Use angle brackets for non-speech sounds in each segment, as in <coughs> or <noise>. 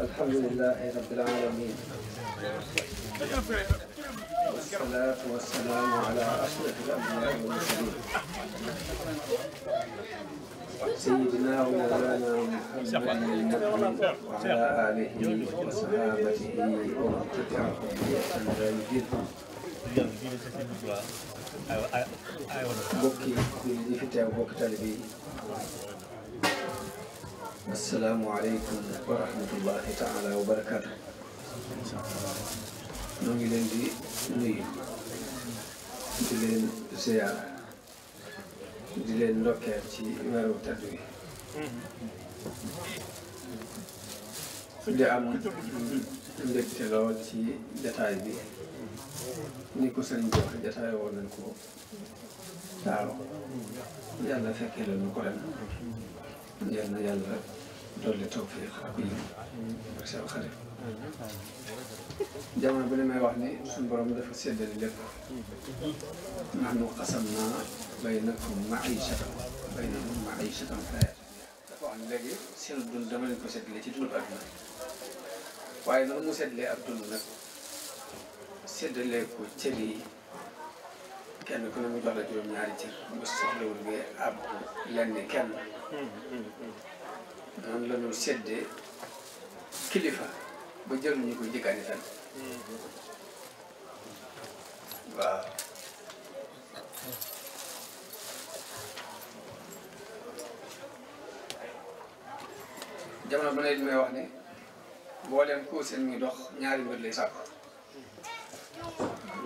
الحمد لله رب العالمين والصلاة والسلام على أشرف الأنبياء والمرسلين سيدنا ومولانا محمد وعلى آله وصحابته ومن تبعهم بإحسان إلى يوم bokki ɗi fitte bokki tali bi asalaamualeykum wa rahmatullahi taala wa barakaatu ñoo ngi leen di nuyu di leen ziyaar di leen ndokkeel ci weeru tedd wi di am mbégte ci jataay bi ni ko sëriñ bi wax jataay woon nañ ko daaw yàlla fekkee la ñu ren yal na yàlla dolli tawfiq ak ñun ak seen xarit jamono bi li may wax ni suñu borom dafa séddale lépp nahnu qasamna baynakum maishatakum baynakum maishatakum fil hayati dafa wax ni léegi seen dund dama leen ko séddale ci dund ak nag waaye noonu mu séddalee ak dund nag séddalee ko cër yi kenn ku ne mu jox la juróom-ñaari cër mu soxlawul ngay àbb lenn kenn noonu la ñu seddee kilifa ba jëluñu ñu koy jëkkaani tan waaw jamono ba ne may wax ne boo leen koo seen muy dox ñaari mbir lay sàkk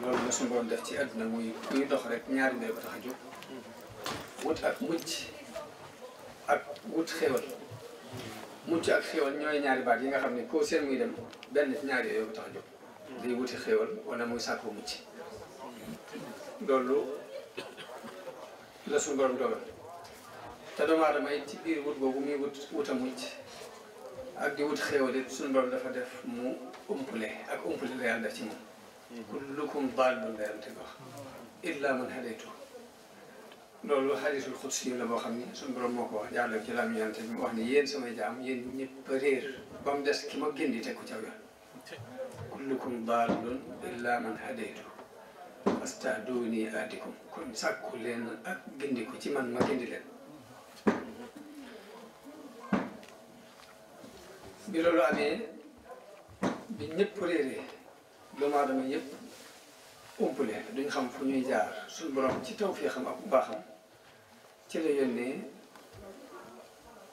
loolu la suñu borom def ci àdduna muy muy dox rek ñaari mbir ba tax a jóg wut ak mucc ak wut xéwal mucc ak xéwal ñooy ñaari baat yi nga xam ne ko seen muy dem benn ci ñaari yooyu tax a jóg di wuti xéwal wala muy sàkku mucc loolu la suñu borom dogal te doomu aadama it ci biir wut boobu muy wut mu a mucc ak di wut xéwal it suñu dafa def mu umpule ak umpule la yàlla def ci moom hmm. kullukum daalun la yàlla te wax illa man hadaytu loolu xadisul xudsi la boo xam ne suñu borom moo ko wax jaarale ci laam ñaan te mu wax ne samay jaam yéen ñëpp réer ba mu des ki ma gindi teg ko caw yoon kullukum daalun illaa man hadaytu fastahduni aatikum kon sàkku leen ak gindi ko ci man ma gindi leen bi loolu amee bi ñëpp réeree doomu aadama yëpp umpule duñ xam fu ñuy jaar suñu borom ci taw fii xam ak bu baaxam ci la yónnee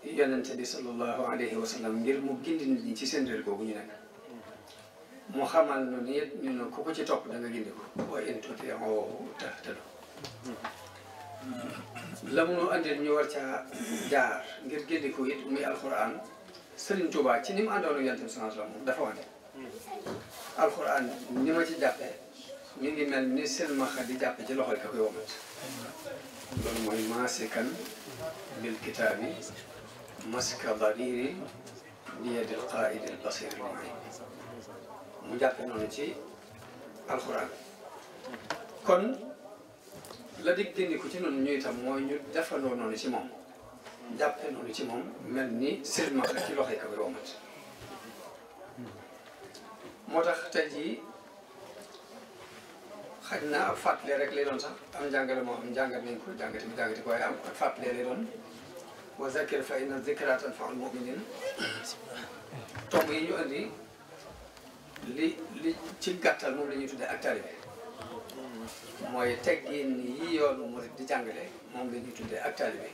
yonente bi sallallahu alayhi wa sallam ngir mu gindi nit ci seen réer googu ñu nekk mu xamal nu ne ku ko ci topp da nga gindi ñu war caa jaar ngir gindi ko it muy alquran Serigne Touba ci ni mu àndoon ak yonente bi sallallahu alayhi dafa wane ni ma ci jàppee ñu ngi mel ni silmaxa di jàpp ci loxo ka koy wamat loolu mooy maasikan bil kitaabi maska dariri biyadil qaidi al basir mooy mu jàppe noonu ci alxuraan kon la dig dindi ko ci noonu ñu itam mooy ñu defandoo noonu ci moom jàppe noonu ci moom mel ni silmaxa ci loxo ka koy wamat moo tax tey jii xaj na ab fàttalee rek lay doon sax am njàngale moo xam njàngat nañ ko jàngati bi jàngati ko waaye am fàttalee lay doon wa zakir fa inna zikraa tanfa'ul mu'minin tomb yi ñu andi li li ci gàttal moom lañuy ñuy tuddee ak taalibe mooy teggin yi di jàngale moom la ñuy tuddee ak taalibe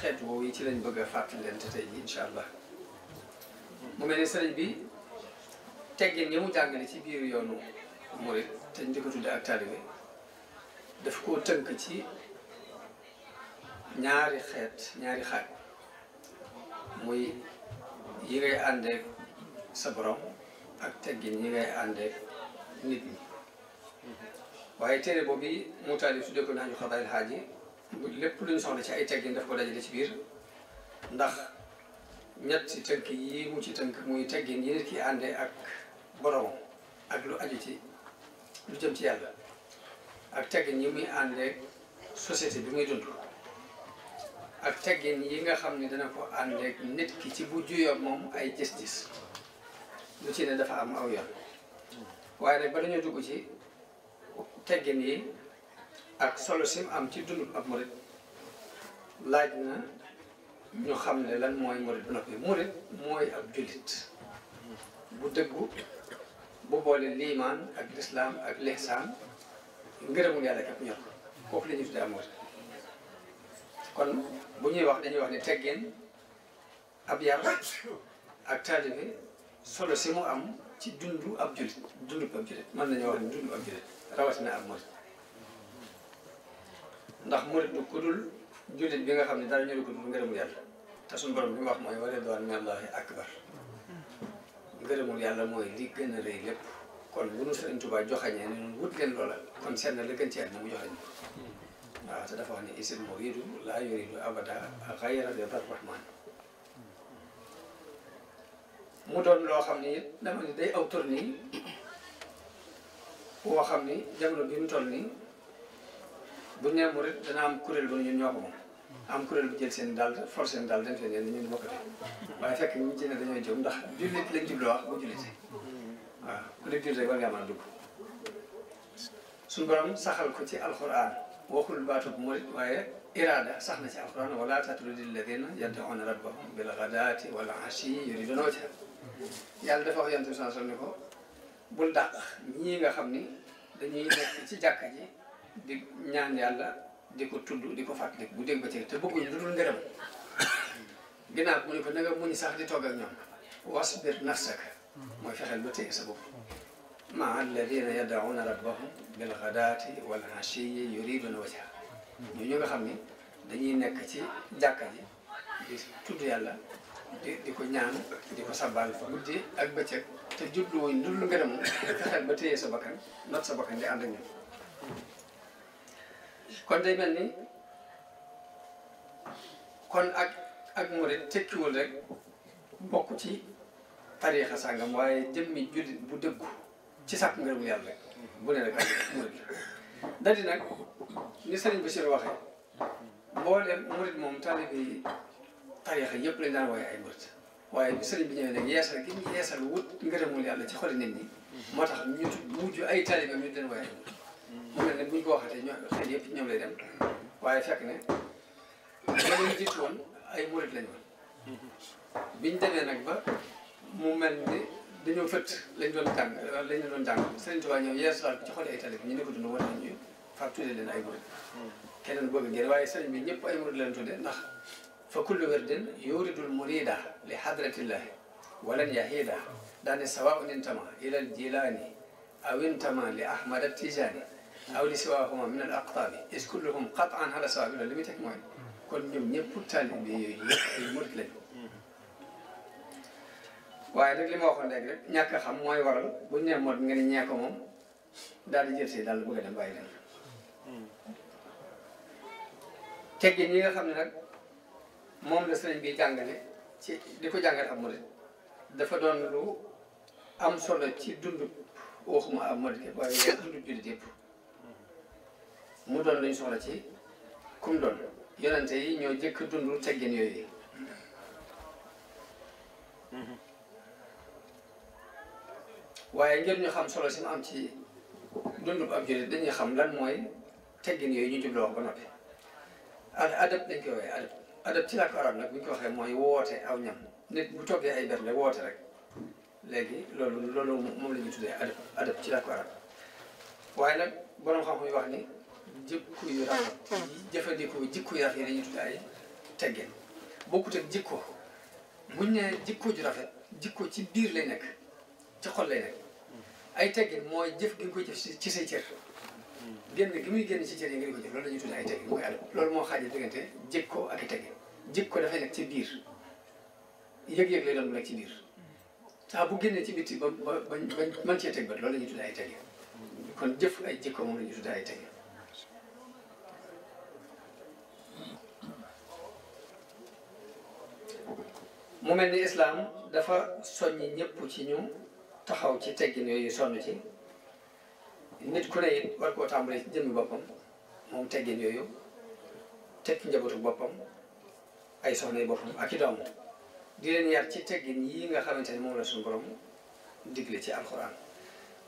xeet woowu yi ci lañ bëgg a fàttali leen te tey jii allah mu mel sëriñ bi teggin ñi mu jàngale ci biir yoonu murid te ñu di ko ak taalibe daf koo tënk ci ñaari xeet ñaari xaaj muy yi ngay sa borom ak teggin yi ngay àndeek nit ñi waaye téere boobu mu taalif tuddee ko nañu xadaayil xaaj yi lépp lu ñu soxla ci ay teggin daf ko dajale ci biir ndax ñetti tënk yi mu ci tënk muy teggin yi nit ki àndee ak borom ak lu aju ci lu jëm ci yàlla ak teggin yi muy àndee société bi muy dund ak teggin yi nga xam ni dana ko àndee nit ki ci bu juyoon moom ay gis-gis lu ci ne dafa am aw waaye nag ba dañoo dugg ci teggin yi ak solo sim am ci dund ab murit laaj na ñu xam ne lan mooy murit bu noppi murit mooy ab jullit bu dëggu bu böyle liimaan ak lislaam ak lihsaan ngërëmul yàlla képp ñor kooku la ñuy tuddee amour kon bu ñuy wax dañuy wax ne teggeen ab yar ak taalibe solo si mu am ci dundu ab jullit dundu ab jullit mën nañoo wax ne dundu ab jullit rawatina ab murit ndax murit du kudul jullit bi nga xam dara ñëwee ko dul ngërëmul yàlla te suñu borom bi wax mooy wa ridwaanun minallaahi akbar ngërëmul yàlla mooy li gën a rëy lépp kon bu nu Sëriñ Tuubaa joxañee ne ñun wut leen loola kon seen la gën ci mu joxañ waaw te dafa wax ne isil muridu laa yuridu abada xayra ridar rahman mu doon loo xam ni it dama ni day aw nii boo xam ni jamono bi mu toll nii bu ñu nee murit dana am kuréel bu ñun ñoo ko am kuréel bu jël seen daal force seen daal dem seen yéen ñun bokkate waaye fekk ñu ci ne dañoo jóg ndax jullit lañ jubloo wax bu jullite waaw ku def jullit rek war ngaa mën a dugg suñu borom saxal ko ci alxuraan waxul baatub murit waaye iraada sax na ci alxuraan wala tatrudi alladina yad'una rabbahum bil ghadaati wal ashi yuriduna wajha yàlla dafa wax yonent bi sallallahu alayhi wa sallam ni ko bul dàq ñii nga xam ni dañuy nekk ci jàkka ji di ñaan yàlla di ko tudd di ko fàttaliku bu dégg ba tey te bëgguñu lu dul ngërëm ginnaaw mu nga muñ sax di togg ak ñoom wasbir ba téye sa bopp maa alladina yadauna rabbahum bil xadaati nga xam ni dañuy nekk ci jàkka ji di yàlla di ko ñaan di ko sabal fa guddi ak bëccëg te jubluwuñ lu dul fexeel ba téye sa bakkan not sa bakkan di ànd ak ñoom kon day mel ni kon ak ak murit tekkiwul rek bokk ci tariixa sàngam waaye mi jullit bu dëggu ci sàkk ngërëmu yàlla rek bu ne rek ak murit da di nag ni sëriñ Bachir waxee boo dem murit moom taalibe yi tariixa yëpp lañ daan wooye ay murit waaye bi sëriñ bi ñëwee nag yeesal gi ñu yeesal wut ngërëmul yàlla ci xoli nit ñi moo tax ñu mujj ay taalibe ñu den wooye ay murit mu ne nag bu ñu ko waxatee ñoom xel yëpp ñoom lay dem waaye fekk ne ñoom ñu jiitu woon ay murit lañ woon biñ demee nag ba mu mel ni dañoo fët lañ doon jàng lañ doon jàng Sëriñ Tuubaa ñëw yeesal ci xol ay talib ñu ne ko dund war nañu far tuddee leen ay murit keneen bëgg ngeen waaye sëriñ bi ñëpp ay murit lañ tuddee ndax fa kullu wirdin yuridul murida li hadratillahi walan yahida daane sawaun intama ilal jilani aw intama li ahmada tijani aw li siwaahuma min al aqtaabi is kulluhum qat'an ala sawa bi loolu li muy teg mooy kon ñoom ñëpp taalib bi yooyu yëpp ay murit li ma waxoon léegi rek ñàkk xam mooy waral bu ñu nee mot nga daal di jël daal bëgg a dem bàyyi leen teggin ñi nga xam ne nag moom la sëriñ bi jàngale ci di ko jàngale am murit dafa doon lu am solo ci dund waxuma am murit waaye dundu jullit yëpp mu doon luñ soxla ci kum doon yonente yi ñoo jëkk dund teggin yooyu waaye ngir ñu xam solo si mu am ci dundub ab jullit dañuy xam lan mooy teggin yooyu ñu jubloo ba noppi ad adab dañ koy adab adab ci làkk arab nag bu ñu ko waxee mooy woote aw ñam nit bu toggee ay berle woote rek léegi loolu loolu moom la ñuy adab ci làkk arab waaye nag boroom xam-xam yi wax ni jikko yu rafet yi jëfandikoo jikko yu rafet yi dañuy tudd ay teggin bokkut ak jikko buñ ne jikko ju rafet jikko ci biir lay nekk ci xol lay nekk ay teggin mooy jëf gi nga koy jëf ci say cër génn gi muy génn ci cër yi nga di ko jëf loolu la ñuy tudd ay teggin mooy adab loolu moo xaajee ak i teggin jikko dafay ci biir yëg-yëg lay doon bu nekk ci biir bu génnee ci bitti ba ba ba ba loolu la ñuy kon jëf ay jikko moom la ñuy tudd mu mel ni islaam dafa soññ ñëpp ci ñu taxaw ci teggin yooyu sonn ci nit ku ne it war koo tàmbalee ci jëmmi boppam moom teggin yooyu tekki njabootu boppam ay soxna yi boppam ak i doom di leen yar ci teggin yi nga xamante ne moom la suñu borom digle ci alxuraan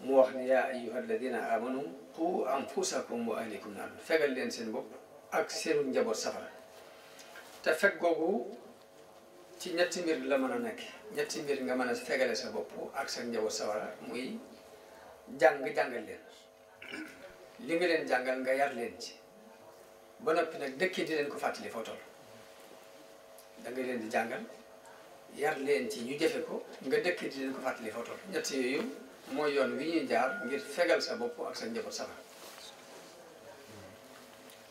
mu wax ni yaa ayyuha alladina amanu qu anfusakum wa ahlikum naaran fegal leen seen bopp ak seenu njaboot safara te fekk googu ci ñetti mbir la mën a nekk ñetti mbir nga man a fegale sa bopp ak sa njaboot sawara muy jàng jàngal leen li nga leen jàngal nga yar leen ci ba noppi nag dëkk di leen ko fàttali foo toll da nga leen di jàngal yar leen ci ñu jëfe ko nga dëkk di leen ko fàttali foo toll ñett yooyu mooy yoon wi ñuy jaar ngir fegal sa bopp ak sa njaboot sawara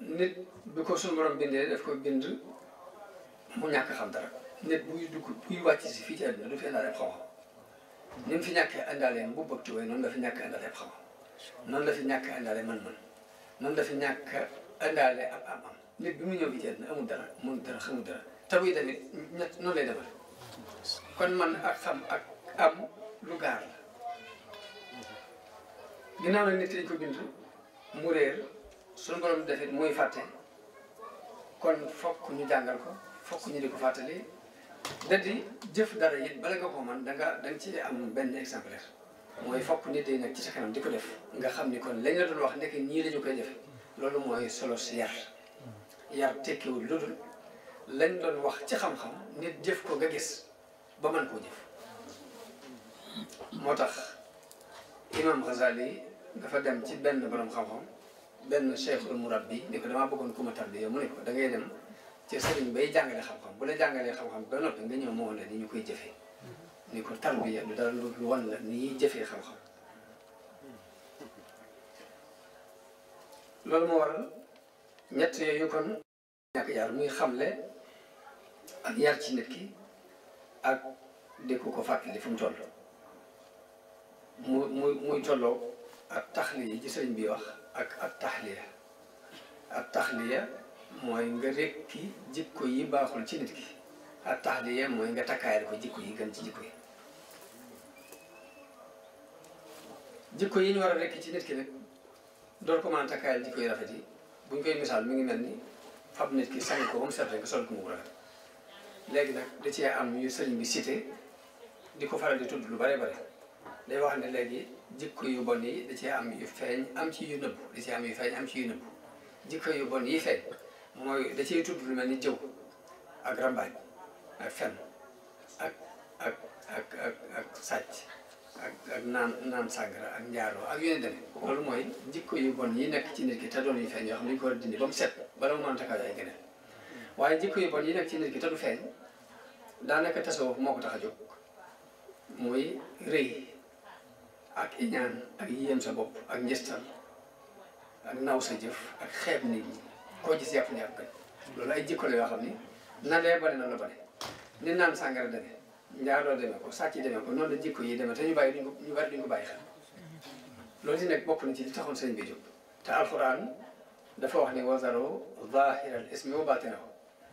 nit bi ko suñu borom bindee daf ko bind mu ñàkk xam dara nit buy dugg buy wàcc si fii ci àdduna du fi indaale xam-xam ni mu fi ñàkkee indaale bu bëgg tuwee noonu la fi ñàkk indaale xam-xam noonu la fi ñàkk indaale mën-mën noonu la fi ñàkk indaale ab am-am nit bi mu ñëw fii ci àdduna amul dara mënul dara xamul dara tabuy tamit ñett noonu lay demal kon man ak xam ak am lu gaar la ginnaaw nag nit dañ ko bind mu réer suñu borom defit muy fàtte kon fokk ñu jàngal ko fokk ñu di ko fàttali da di jëf dara it bala nga ko man da nga da ci am benn exemplaire mooy fokk nit yi nag ci sa kanam di ko def nga xam ni kon lañ la doon wax nekk ñii la koy defee loolu mooy solo si yar yar tekkiwul lu dul lañ doon wax ci xam-xam nit jëf ko nga gis ba mën koo jëf moo tax imam Ghazali dafa dem ci benn borom xam-xam benn cheikhul murabbi ni ko damaa bëggoon ku ma tarbiya mu ne ko da dem ci sëriñ bay jàngale xam-xam bu la jàngalee xaw xam ba noppi nga ñëw la ni ñu koy jëfee ni ko tarbiya du dara lu wan la ni jëfee xam-xam loolu moo waral ñett yooyu kon ñàkk yar muy xamle ak yar ci nit ki ak dékku ko fàttali fu mu toll mu muy tolloo ak taxli yi ci sëriñ bi wax ak ak taxliya ak taxliya mooy nga rekki jikko yi baaxul ci nit ki ak taxliya mooy nga takkaayal ko jikko yi gën ci jikko yi jikko yi ñu war a rekki ci nit ki nag door ko mën a takkaayal jikko yi rafet yi bu ñu koy misaal mi ngi mel ni fab nit ki sang ko ba mu nga sol ko mu rafet léegi nag da cee am yu sëriñ bi cité di ko faral di tudd lu bare bare day wax ne léegi jikko yu bon yi da am yu feeñ am ci am yu feeñ am ci yu nëbb jikko yu bon yi feeñ mooy da cee tudd lu mel ni jëw ak rambaaj ak fen ak ak ak ak ak sàcc ak ak ak njaaloo ak yeneen dem loolu mooy jikko yu bon yi nekk ci nit ki te doon yu feeñ yoo xam ne ko dindi ba mu set bala mu mën a takkaay ay gëneel waaye jikko yu bon yi nekk ci nit ki te du feeñ daanaka tasawuf moo ko tax a jóg rëy ak iñaan ak yéem sa bopp ak njëstal ak naw sa jëf ak xeeb nit ñi koo gis yàpp ne ak gën loolu ay jikko la yoo xam ni na lee bari na la bari ni naan sàngara demee njaaloo demee ko sàcc demee ko noonu la jikko yi demee te ñu bàyyi duñ ko ñu bari duñ ko bàyyi xel loolu di nekk bokk na ci li taxoon sëñ bi jóg te alxuraan dafa wax ni wazaro zahiral ismi wa batinahu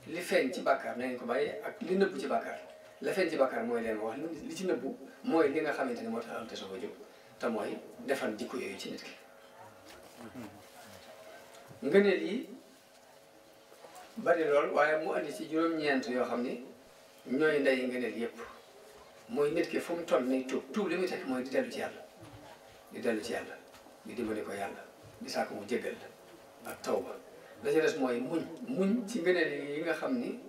li feeñ ci bàkkaar nañ ko bàyyi ak li nëbbu ci bàkkaar la feeñ ci bàkkaar mooy leen wax li ci nëbbu mooy li nga xamante ni moo tax al ko jóg te mooy defal jikko yooyu ci nit ki ngëneel yi bari lool waaye mu andi ci juróom-ñeent yoo xam ni ñooy ndey ngëneel yépp mooy nit ki fu mu toll nii tuub tuub li muy teg mooy di dellu ci yàlla di dellu ci yàlla di dimbali ko yàlla di saako mu jéggal ak tawba la ci des mooy muñ muñ ci ngëneel yi nga xam ni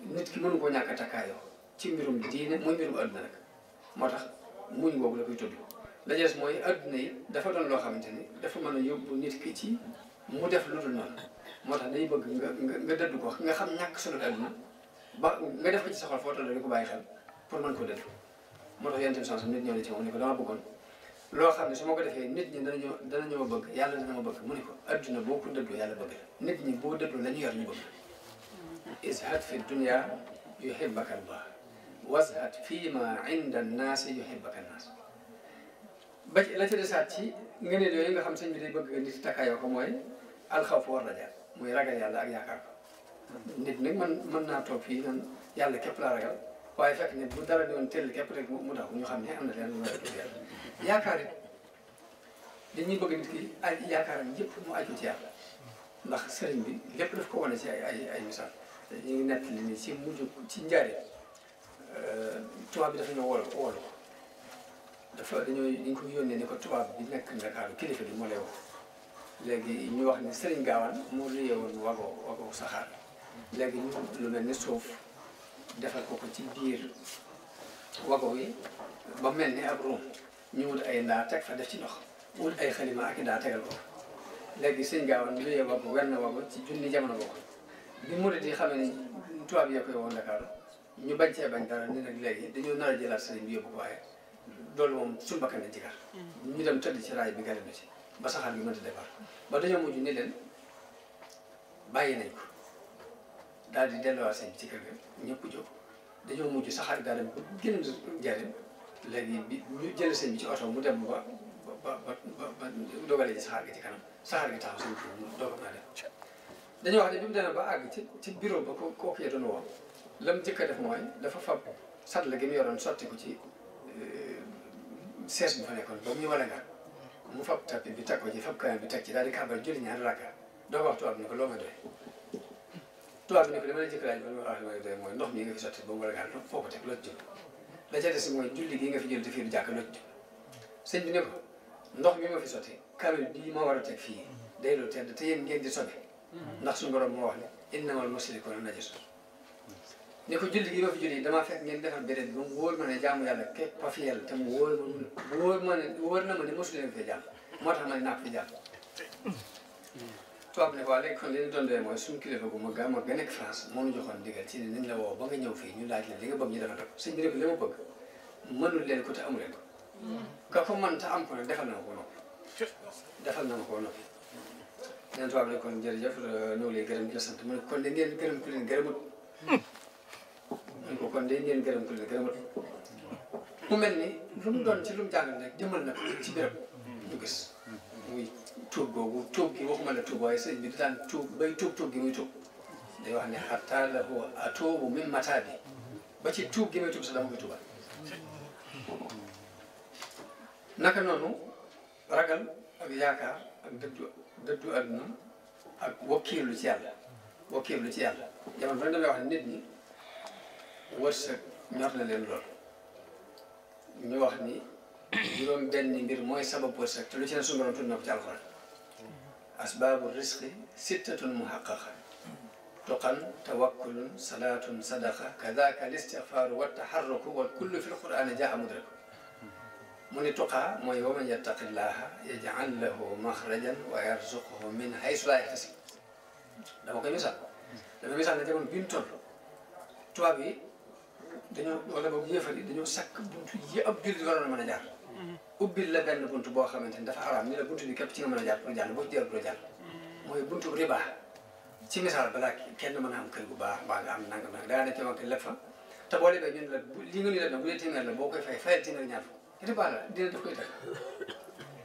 nit ki mënu ko ñàkk a takkaayoo ci mbirum diine muy mbirum àdduna nag moo tax muñ boobu la koy tudd la jees mooy adduna yi dafa doon loo xamante ni dafa mën a yóbbu nit ki ci mu def lu dul noonu moo tax day bëgg nga nga nga dëddu ko nga xam ñàkk solo adduna ba nga def ko ci sa xol foo toll di ko bàyyi xel pour mën ko dëddu moo tax yonent bi sans nit ñëw na ci moom ni ko dama bëggoon loo xam ne su ma ko defee nit ñi danañoo danañoo bëgg yàlla dana ma bëgg mu ne ko adduna boo ko dëddoo yàlla bëgg la nit ñi boo dëddoo la ñu yor ñu bëgg la izhad fi dunya yuhibbaka allah wazhad fi ma inda annaasi yuhibbaka annaas ba ci la ca desaat ci ngëneel yooyu nga xam sëñ bi day bëgg nit yi takkaayoo ko mooy alxawfu war raja muy ragal yàlla ak yaakaar ko nit nag man mën naa toog fii nan yàlla képp laa ragal waaye fekk ne bu dara doon teel képp rek mu daw ñu xam ne am na leen lu ma yaakaar it dañuy bëgg nit ki ay yaakaaram yëpp mu aju ndax sëriñ bi lépp daf ko wane ci ay ay ay misaal ñu ngi nett li ni ci mujj ci njaare euh, tubaab bi dafa ñu wol wolu dafa dañoo dañ ko yónnee ni ko tubaab bi nekk Ndakaaru kilifa bi moo lay wax léegi ñu wax ni Serigne Gawane moo réyewoon wagoo wagoo saxaar léegi ñu lu mel ni suuf defal ko ko ci biir wago wi ba mel ni ab ruum ñu wut ay ndaa teg fa def ci ndox wut ay xalima ak i ndaa tegal ko léegi Serigne Gawane luyee wago wenn wago ci junni jamono boobu bi murid yi xam ne tubaab yee koy woon Ndakaaru ñu bañ cee bañ dara ni nag léegi dañoo nar a jëlaat Serigne bi yóbbu ko waaye loolu moom suñu bakkan lañ ci ñu dem tëdd ci raay bi gari na ci ba saxaar bi mënta defar ba dañoo mujj ni leen bàyyi nañ ko daal di delluwaat seen ci kër ga ñëpp jóg dañoo mujj saxaar bi daal bi ñu jël ci oto mu dem ba ba ba ba dogalee ji saxaar gi ci kanam saxaar gi taxaw sëñ bi doog naa dem dañoo wax ne bi ba àgg ci ci bureau ba ko kooku yee doon woo lam jëkk def mooy dafa fab sat la gi mu yoroon sotti ko ci sees bu fa nekkoon ba ñu mën a naan mu fab tapis bi takko ji fab kaayam bi takk ci daal di kàmbal julli ñaari rakka doo wax tubaab bi ne ko loo ma doy tubaab bi ne ko li ma jëkk laaj ma wax ma doy mooy ndox mi nga fi sotti ba mu war a gaal foo ko teg loo ci jublu la ca des mooy julli gi nga fi jël te fii du jàkk loo ci bi ne ko ndox mi ma fi sotti kàlu bii ma war a fii day lu tedd te yéen ngeen di sobe ndax suñu borom moo wax ne innamal mushrikuuna najasun ne ko julli gi ma fi julli damaa fekk ngeen defal béréb bi mu wóor ma ne jaamu yàlla képp a fi yàlla te mu wóor ma wóor ne wóor na ma ne mosu leen moo tax ma ne naa fi jàmm tubaab ne waa léegi kon ga ñëw fii ñu laaj la li nga bëgg ñu defal ko sëñ bi li ma bëgg mënul ko te amu ko nga ko mën te am ko nag defal na ma ko ko noppi neen tubaab ne kon jërëjëf euh, ñoo ngi lay gërëm di la gërëm ku leen ñu kon de ngeen gërëm ko la gërëmat mu mel ni lu mu doon ci lu mu jàngal rek jëmal na ko ci béréb ñu gis muy tuub googu gi waxuma la tuub waaye sëñ bi di daan tuub bay tuub tuub gi day wax ne xataa la huwa atoobu ci tuub gi muy tuub sax dama koy ak yaakaar ak dëddu dëddu àdduna ak nit ñi ورشه نقل للور ني واخني جيروم بن مير موي سبب ورشه تلو سي سومرون تون في القران اسباب الرزق سته محققه تقن توكل صلاه صدقه كذاك الاستغفار والتحرك والكل في القران جاء مدرك من تقى من يوم يتق الله يجعل له مخرجا ويرزقه من حيث لا يحتسب لما كان يسال لما يسال نتيجه بنتر توابي دانيو علماء بو يفالي دانيو ساك بونت يي اب جولي دو رانا مانا جار اوبي لا بن بونت بو خامتين دا حرام ني لا بونت دي كابتي مانا جار بو جال بو تيار بو جال موي بونت ربا سي مثال بلا كين مانا ام كير بو باخ با ام نانغ نانغ دا نا تي وانك لفا تا بولي با نين لا لي نغ ني لا بو يتي نال بو كاي فاي فاي تي نال نيار ربا لا دي دا كوي تا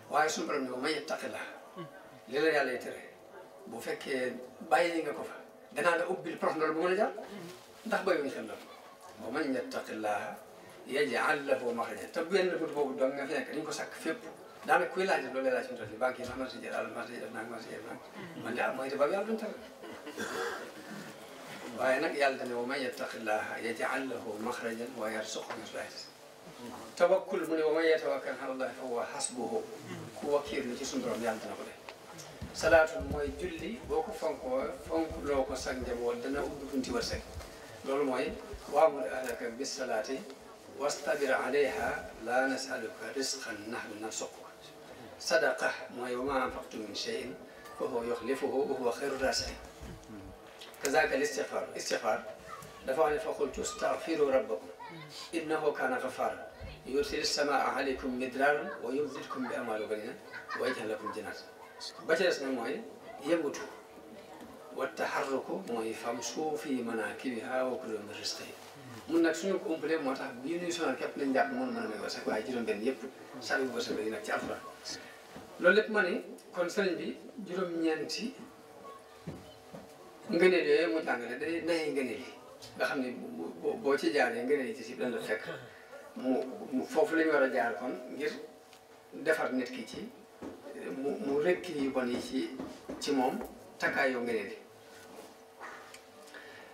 واي سون برام نيو ومن يتق الله يجعل له مخرجا تبين وين نقول بو دون فين كان نكو ساك فيب دا انا كوي لاج دولي لاج نتو لي بانكي ما نسي جال ما سي جال ما سي جال ما جا ما يتبا بيال دون تر واي نك يال دني ومن يتق الله يجعل له مخرجا ويرزقه من حيث توكل من ومن يتوكل على الله فهو حسبه كو كير لي سون دروم يال دنا صلاه موي جولي بوكو فانكو فانكو لوكو ساك جابو دنا اودو فنتي ورسك لول موي وأمر أهلك بالصلاة واصطبر عليها لا نسألك رزقا نحن نرزقك صدقة ما وما أنفقت من شيء فهو يخلفه وهو خير الراسخين كذلك الاستغفار الاستغفار دفعني فقلت استغفروا ربكم إنه كان غفارا يرسل السماء عليكم مدرارا ويمزلكم بأموال وبنين ويجعل لكم جنات بجلس موي يموتوا والتحرك موي فامشوا في مناكبها وكلوا من رزقه mun nag suñu ko moo tax bii nuy sonal képp lañ jàpp moom mën a wasak waaye juróom yëpp saa yu wasak la ñu nag loolu lépp ma ne kon sëriñ bi juróom-ñeenti ngëneel yooyu mu jàngale day nayi ngëneel yi nga xam ne boo ci jaaree ngëneel yi ci si dañ la fekk mu foofu la war a jaar kon ngir defar net ki ci mu mu rëkk yu bon yi ci moom moom takkaayoo ngëneel yi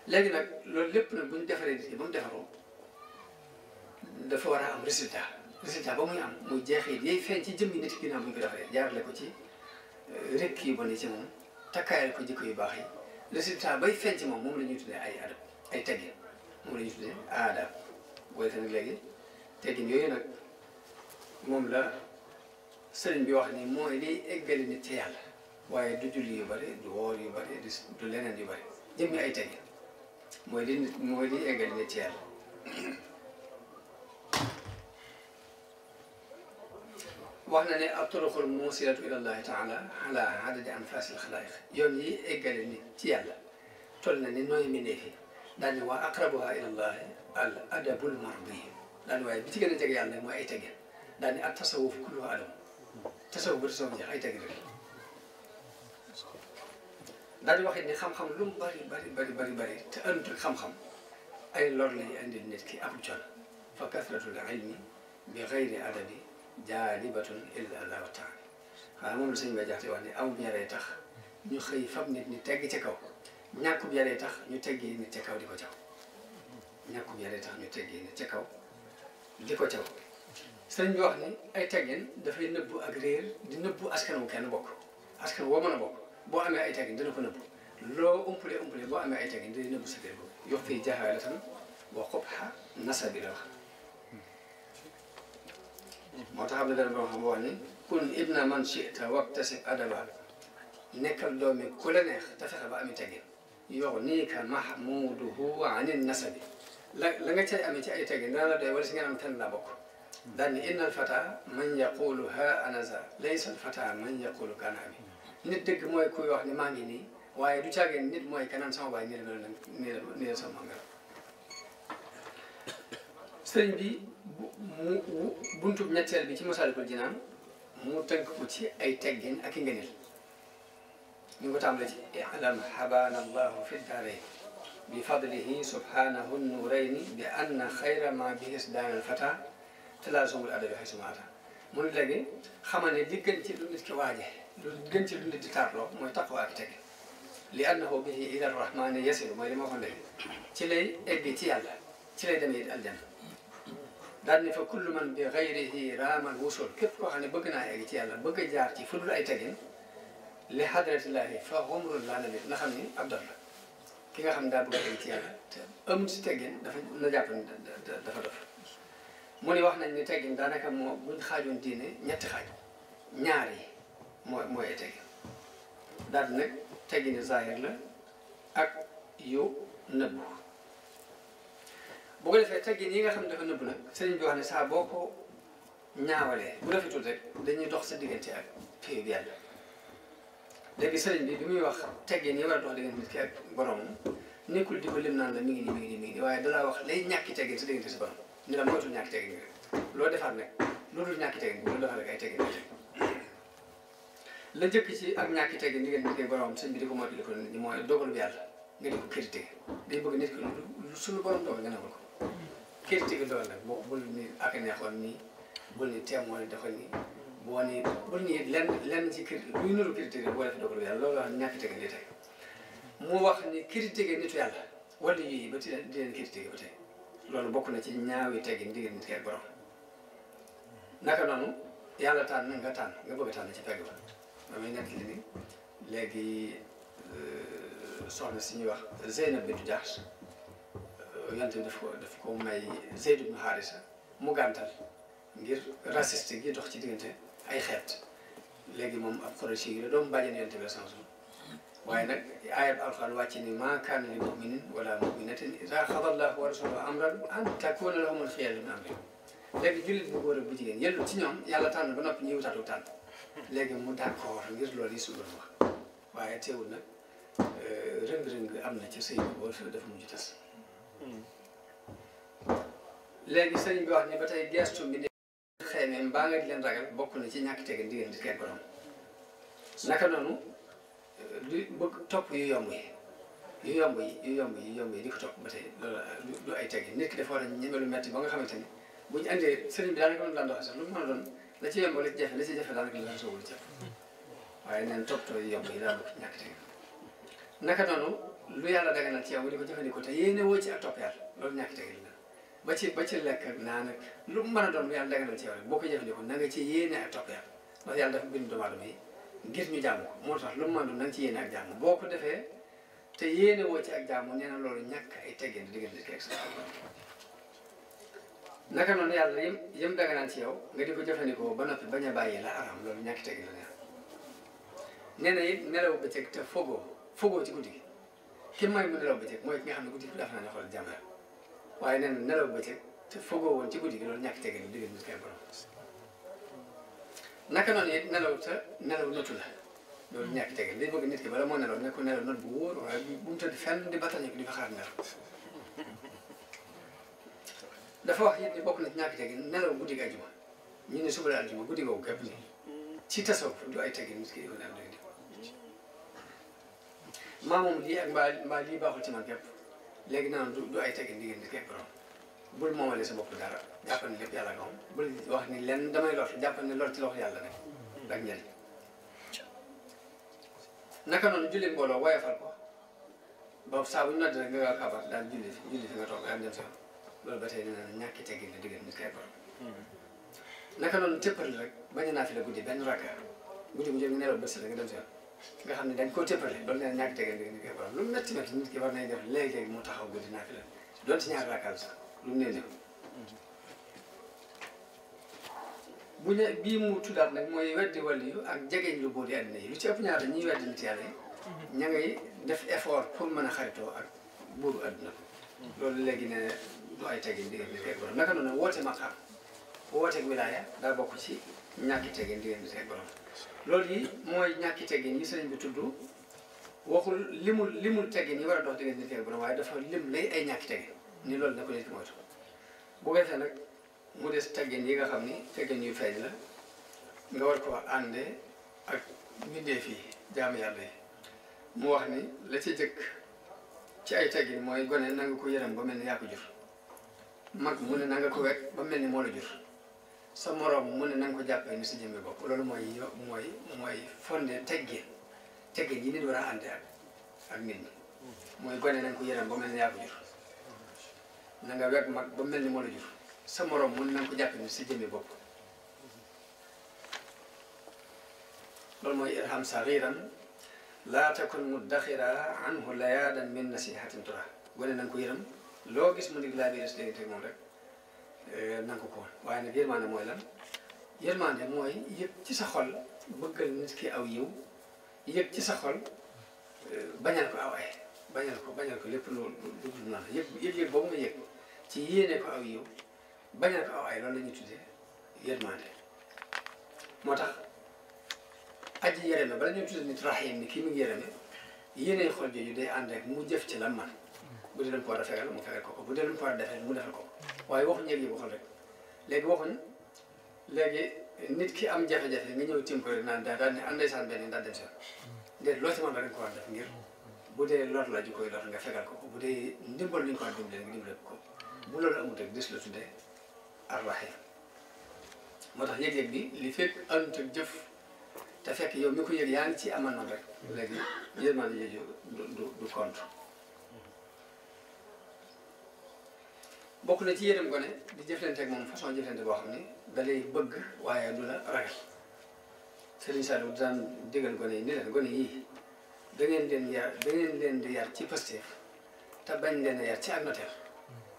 léegi nag loolu lépp nag bu defaree nit ñi ba mu defaroo dafa war a am résultat résultat ba muy am muy jeexit yay feeñ ci jëmmi nit ginnaaw bu ñu ko defaree jaarale ko ci euh, rek yu bon yi ci moom takkaayal ko jikko yi baax yi résultat bay feeñ ci moom moom la ñuy tuddee ay adab ay teggin moom la ñuy léegi teggin yooyu nag moom la sëriñ bi wax ni mooy liy eggali nit ci yàlla waaye du julli yu bëri du woor yu bëri du leneen yu bëri jëmmi ay teggin مولي مولي أقل نتيال وهنا الطرق الموصلة إلى الله تعالى على عدد أنفاس الخلائق يوني أقل نتيال تولنا نوي منه داني وأقربها إلى الله الأدب المرضي داني ويبتغن تجي الله ما يتجي داني التصوف كله علم تصوف برسوم جاي أ daal di wax ni xam-xam lu bari bari bari bari bari te ëndul xam-xam ay lor lay andil nit ki ab jon fa kasratul ilmi bi xayri adabi jaalibatun illa allah taala waaw moom la sëñ Ba jaxte wax ni amub yaree tax ñu xëy fab nit ñi tegg ci kaw ñakku yaree tax ñu tegg ni ci kaw diko jaw ñakku ñàkkub tax ñu tegg ni ci kaw diko jaw caw sëñ bi wax ni ay da fay neub ak réer di neub askanu kenn bokk askan wo mën bokk boo amee ay teggin dina ko nëbb loo umpalee umpalee boo amee ay teggin dina nëbb sa kër googu yox fii jaxawe la tan boo xob xa nasa bi la wax moo tax am na benn ni kun ibna man chita wabtasib adaba la ka mahmuduhu anil nasabi la la nga cay amee ci ay teggin dana la doy wala si ngeen am fenn la bokk daal ni inna al fata man yaqulu ha anaza laysa al fata man yaqulu kana abi nit dëgg mooy kuy wax ne maa ngi nii waaye du caageen nit mooy kanaan sama baay nii la mel nii sama nga sëriñ bi mu buntu ñetteel bi ci Masaalikul Jinaan mu tënk ko ci ay teggin ak i ngëneel ñu ngi ko tàmbalee ci i'lam habaana allahu fi daarayni bi fadlihi subhanahu nuurayni bi anna xayra ma bihis daanal fata talaasumul adabi xay sumaata mun léegi xamal ne li gën ci nit ki waaje دنتي بنت تارلو موي تقوى تك لانه به الى الرحمن يسير موي ما فهمي تيلي ابي تي الله تيلي دمي الجنه دارني فكل من بغيره رام الوصول كيف كو خاني بغنا اي تي الله بغ جار تي فلو اي تكين لحضرة الله فعمر العالمين نخمي عبد الله كيغا خم دا بغ اي تي الله ام تي تكين دا نجاب دا دا موني واخنا ني تكين دانا كان مو بون خاجون ديني نيت خاج نياري mooy mooy teg daal nag tegini zaahir la ak yu nëbbu bu defee teggin yi nga xam ne dafa nëbbu nag sëriñ bi wax ne saa boo ko ñaawalee bu rafetul rek dañuy dox sa diggante ak pii bi yàlla léegi sëriñ bi bi muy wax teggin yi war a dox diggante nit ki ak borom nekkul di ko lim naan la mi ngi nii mi ngi nii mi ngi nii waaye dalaa wax lay ñàkki teggin sa diggante si borom ñu la moytul ñàkki teggin rek loo defaat nag loolu ñàkki teggin loolu defaat rek ay la njëkk ci ak ñàkk tege ni ngeen diggee borom sëñ bi di ko moytu ko nit ñi yàlla nga di ko critiqué day bëgg nit ko critiqué loolu nag boo bul ni ak neexoon nii bul ni teem wala dafa nii boo ni bul ni lenn lenn ci cri luy nuru critiqué boo def dogalu yàlla loolu la ñàkk wax ni critiqué nitu yàlla wala yii ba ti di leen loolu bokk na ci ñaawi tegi ndigal nit ki ak borom naka noonu yàlla tànn nga tànn nga bëgg tànn ci pegg ba Aminatini léegi soxna si ñuy wax Zeynab bintu Jahsh yonent bi daf ko daf ko may Zeyd ibnu Haarisa mu gàntal ngir raciste gi dox ci diggante ay xeet léegi moom ab Qurayshi yi la doom bàjjen yonent bi sansu waaye nag ayat alxuraan wàcce ni maa kaana li muminin wala muminatin idaa xada llaahu wa rasuluhu amran an takuuna lahumul xiyaratu min amrihim léegi jullit bu góor ak bu jigéen yellu ci ñoom yàlla tànn ba noppi ñuy wutatu tànn léegi mu d'accord ngir loolu yi suba wax waaye teewul nag euh, rëng-rëng am na ci sëy bi boo fi dafa mujj tas léegi sëriñ bi wax ni ba tey gestu bi de xeymee mbaa nga di leen ragal bokk na ci ñàkk tege diggante di teg borom naka noonu euh, du bëgg topp yu yomb yi yu yomb yi yu yomb yi yu yomb yi di ko topp ba tey loolu ay tege nit dafa war a ñeme lu metti ba nga xamante ni bu ñu andee sëriñ bi daanaka mën daan doxee sax lu mu mën a la ci yomb la ci jafe la ci jafe daanaka la soogul jàpp waaye neen toppatoo yi yomb yi daal ñàkk teg naka noonu lu yàlla ci yow nga di ko jëfandikoo te yéene woo ci ak topp yàlla ñàkk teg la ba ci ba ci lekk ak naan ak lu mu mën a doon lu yàlla daganal ci ko na nga ci yéene ak topp yàlla ndax yàlla dafa bind ñu jàmm ko moo tax lu mu mën a ci yéene ak jàmm boo ko defee te yéene woo ci ak jàmm nee na loolu ñàkk ay teggin diggante kek sa naka noonu yàlla yëm yëm daganaan ci yow nga di ko jëfandikoo ba noppi bañ a bàyyi la aram loolu ñàkk teg la neex nee na it nelaw ci guddi gi ki may nelaw bëccëg mooy ki nga xam ne guddi gi dafa naa ne xool jàmm waaye nee na nelaw bëccëg te woon ci guddi gi loolu teg la digg nit kay borom naka noonu it nelaw loolu ñàkk teg la li bëgg bala moo nelaw ne ko nelaw not bu wóor waaye bu mu tëdd fenn di battañe ko di fa xaar nelaw dafa wax yéen bokk na ci ñàkk teggin nelaw guddi gi ñu ne suba la àjjuma guddi googu gàpp ci tasawuf ay teggin nit ki di ko daan doy de lii ak mbaa lii baaxul ci man képp léegi naan du du ay teggin diggante di képp borom sa bopp dara jàppal ni lépp yàlla nga wax ni lenn damay lor jàppal ni lor ci loxo yàlla rek ak noonu julli mbooloo woyofal ko ba saa bu ñu noddee rek nga gaaw daal julli fi nga toog daal dem sa loolu ba tey nee naa ñàkk teggin la diggante nit kay borom. naka noonu tëppal rek bañ naa fi la guddi benn rakka guddi bu jóg ñu nelaw bët si la nga xam ne dañ koo tëppale loolu nee na ñàkk teggin nit kay borom lu mu métti métti nit ki war nañ def léegi-léegi mu taxaw naa fi la doon ci ñaar lu mu nee bu ñu bii mu tuddaat nag mooy weddi wàllu yu ak jegeñ lu boodi àddina yi lu ci ëpp ñaar ñuy weddi nit yàlla mhm. ña ngay def effort pour mën a xaritoo ak buuru àdduna mhm. loolu léegi ne du ay teggin diggante teg borom naka noonu woote maqaam wooteeg wilaaya daa bokk ci ñàkki teggin diggante teg yi mooy ñàkki teggin yi sëriñ bi tudd waxul limul limul teggin yi war a dox diggante teg borom waaye dafa lim lay ay ñàkki teggin ni loolu na ko nit ki moytu nag mu des teggin yi nga xam ni teggin yu feeñ la nga war ko ànde ak mbindeef yi jaamu yàlla yi mu wax ni la ci jëkk ci ay teggin mooy gone na ko yërëm ba mel ni yaa ko jur mag mu ne na ko wekk ba mel ni moo la jur sa moroom mu ne na nga ko jàppee ni sa jëmmi bopp loolu mooy yo- mooy mooy fonde teggin teggin yi nit war a ànd ak ak nit mooy gone na ko yërëm ba mel ni na nga wekk mag ba mel ni moo la jur sa moroom mu ne na nga ko jàppee ni sa jëmmi bopp loolu mooy irham saxiran laa takun muddaxira anhu layaadan min nasihatin tura gone na ko yërëm loo gis mu dig laa biir si te moom rek nanga ko woon waaye nag yërmande mooy lan yërmande mooy yëg ci sa xol bëggal nit ki aw yiw yëg ci sa xol bañal ko aw ay bañal ko bañal ko lépp loolu dugg na la yëg yëg boobu nga yëg ci yéene ko aw yiw bañal ko aw ay loolu la ñuy tuddee yërmande moo tax aji yërëme bala ñuy tuddee nit rahim ni kii mu ngi yërëme yéene xol jooju day ànd rek mu jëf ci la man bu dee dañ ko war a fexeel mu fexeel bu dee ko war a defeel mu defal ko waaye léegi waxuñ léegi nit ki am jafe-jafe ñëw tiim ko naan daal daal ne andaysaan benn daal dem seen rek ko ngir bu dee lor la ju koy lor nga fegal ko ko bu dee ndimbal li ñu ko war a dimbalee ko bu loolu amul rek des la tuddee arwaxe moo tax yëg-yëg bi li fekk antu jëf te fekk yow mi ko yëg yaa ngi ci amal noonu rek léegi yéen yëg du du compte bokk na ci yéenam gone di jëflante ak moom façon jëflante boo xam ne da lay bëgg waaye du la ragal Serigne Saliou daan digal gone yi ni leen gone yii da leen di yar ci Pastef te bañ leen a ci ak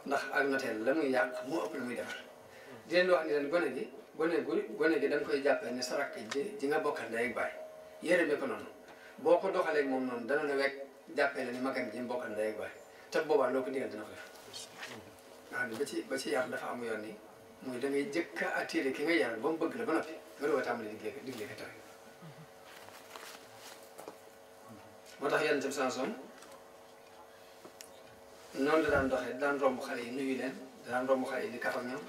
ndax ak noteel la muy yàq moo ëpp lu muy defar di leen wax ni leen gone gi gone gu gone gi koy jàppee ne sa rakk ji nga bokkal ndey ak baay yërëme ko noonu boo ko doxalee ak moom noonu dana la wekk jàppee la ni magam ji bokkal ndey ak baay te boobaa loo ko digal dina ko def nga ba ci ba ci yar dafa am yoni ni muy da ngay jëk a ki nga yar ba mu bëgg la ba nopi nga doog a li diggé diggé ka tay motax tax ci sansom non la dan doxé dan romb xalé yi nuyu len dan romb xalé yi di kaf ñam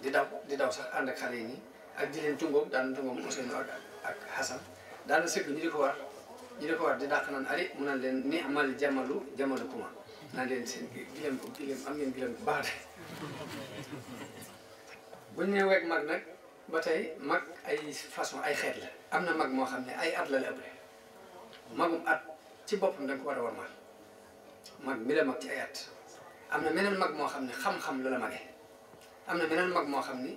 di daw di daw sax and ak xalé yi ak di leen dan daan ko seen ak ak hasan dan na sekk ñi di ko war ñi di ko war di dàq nan ari mu nan len ni amal jamalu jamalu kuma naan leen seen gileem gileem am ngeen gileem baax buñ nee weeg mag nag ba tey mag ay façon ay xeet la am na mag moo xam ne ay at la la ëppale magum at ci boppam da ko war a warmaal mag mi la mag ci ay at am na meneen mag moo xam ne xam-xam la la magee am na meneen mag moo xam ni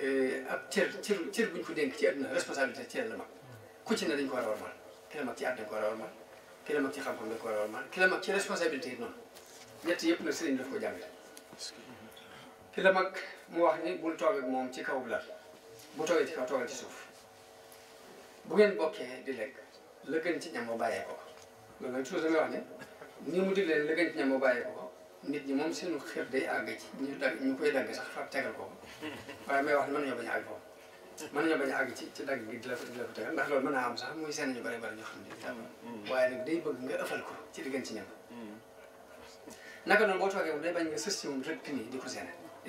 eh, ab cër cër cër buñ ko dénk ci àdduna responsabilité cër la mag ku ci ne dañ ko war a warmaal ki la mag ci at dañ ko war a warmaal ki la mag ci xam-xam dañ ko war a warmaal ki la mag ci responsabilité noonu ñett yëpp nag sëriñ daf ko jàngale ki la mag mu wax ni bul toog ak moom ci kaw lal bu toogee ci kaw toogal ci suuf bu ngeen bokkee di lekk la ci ñam ba bàyyee ko loolu nag toujours dangay wax ne ni mu diglee la gën ci ñam ba bàyyee nit ñi moom seenu xir day àgg ci ñu dagg ñu koy dagg sax fa tegal ko waaye may wax ne mën nañoo bañ a àgg foofu mën nañoo bañ a àgg ci ci dagg gi di la ko di ko tegal ndax loolu mën naa am sax muy seen ñu bëri bëri ñoo xam ne tàmm waaye nag day bëgg nga ëffal ko ci li gën ci ñam naka noonu boo toogee moom day bañ nga sës ci moom rek nii di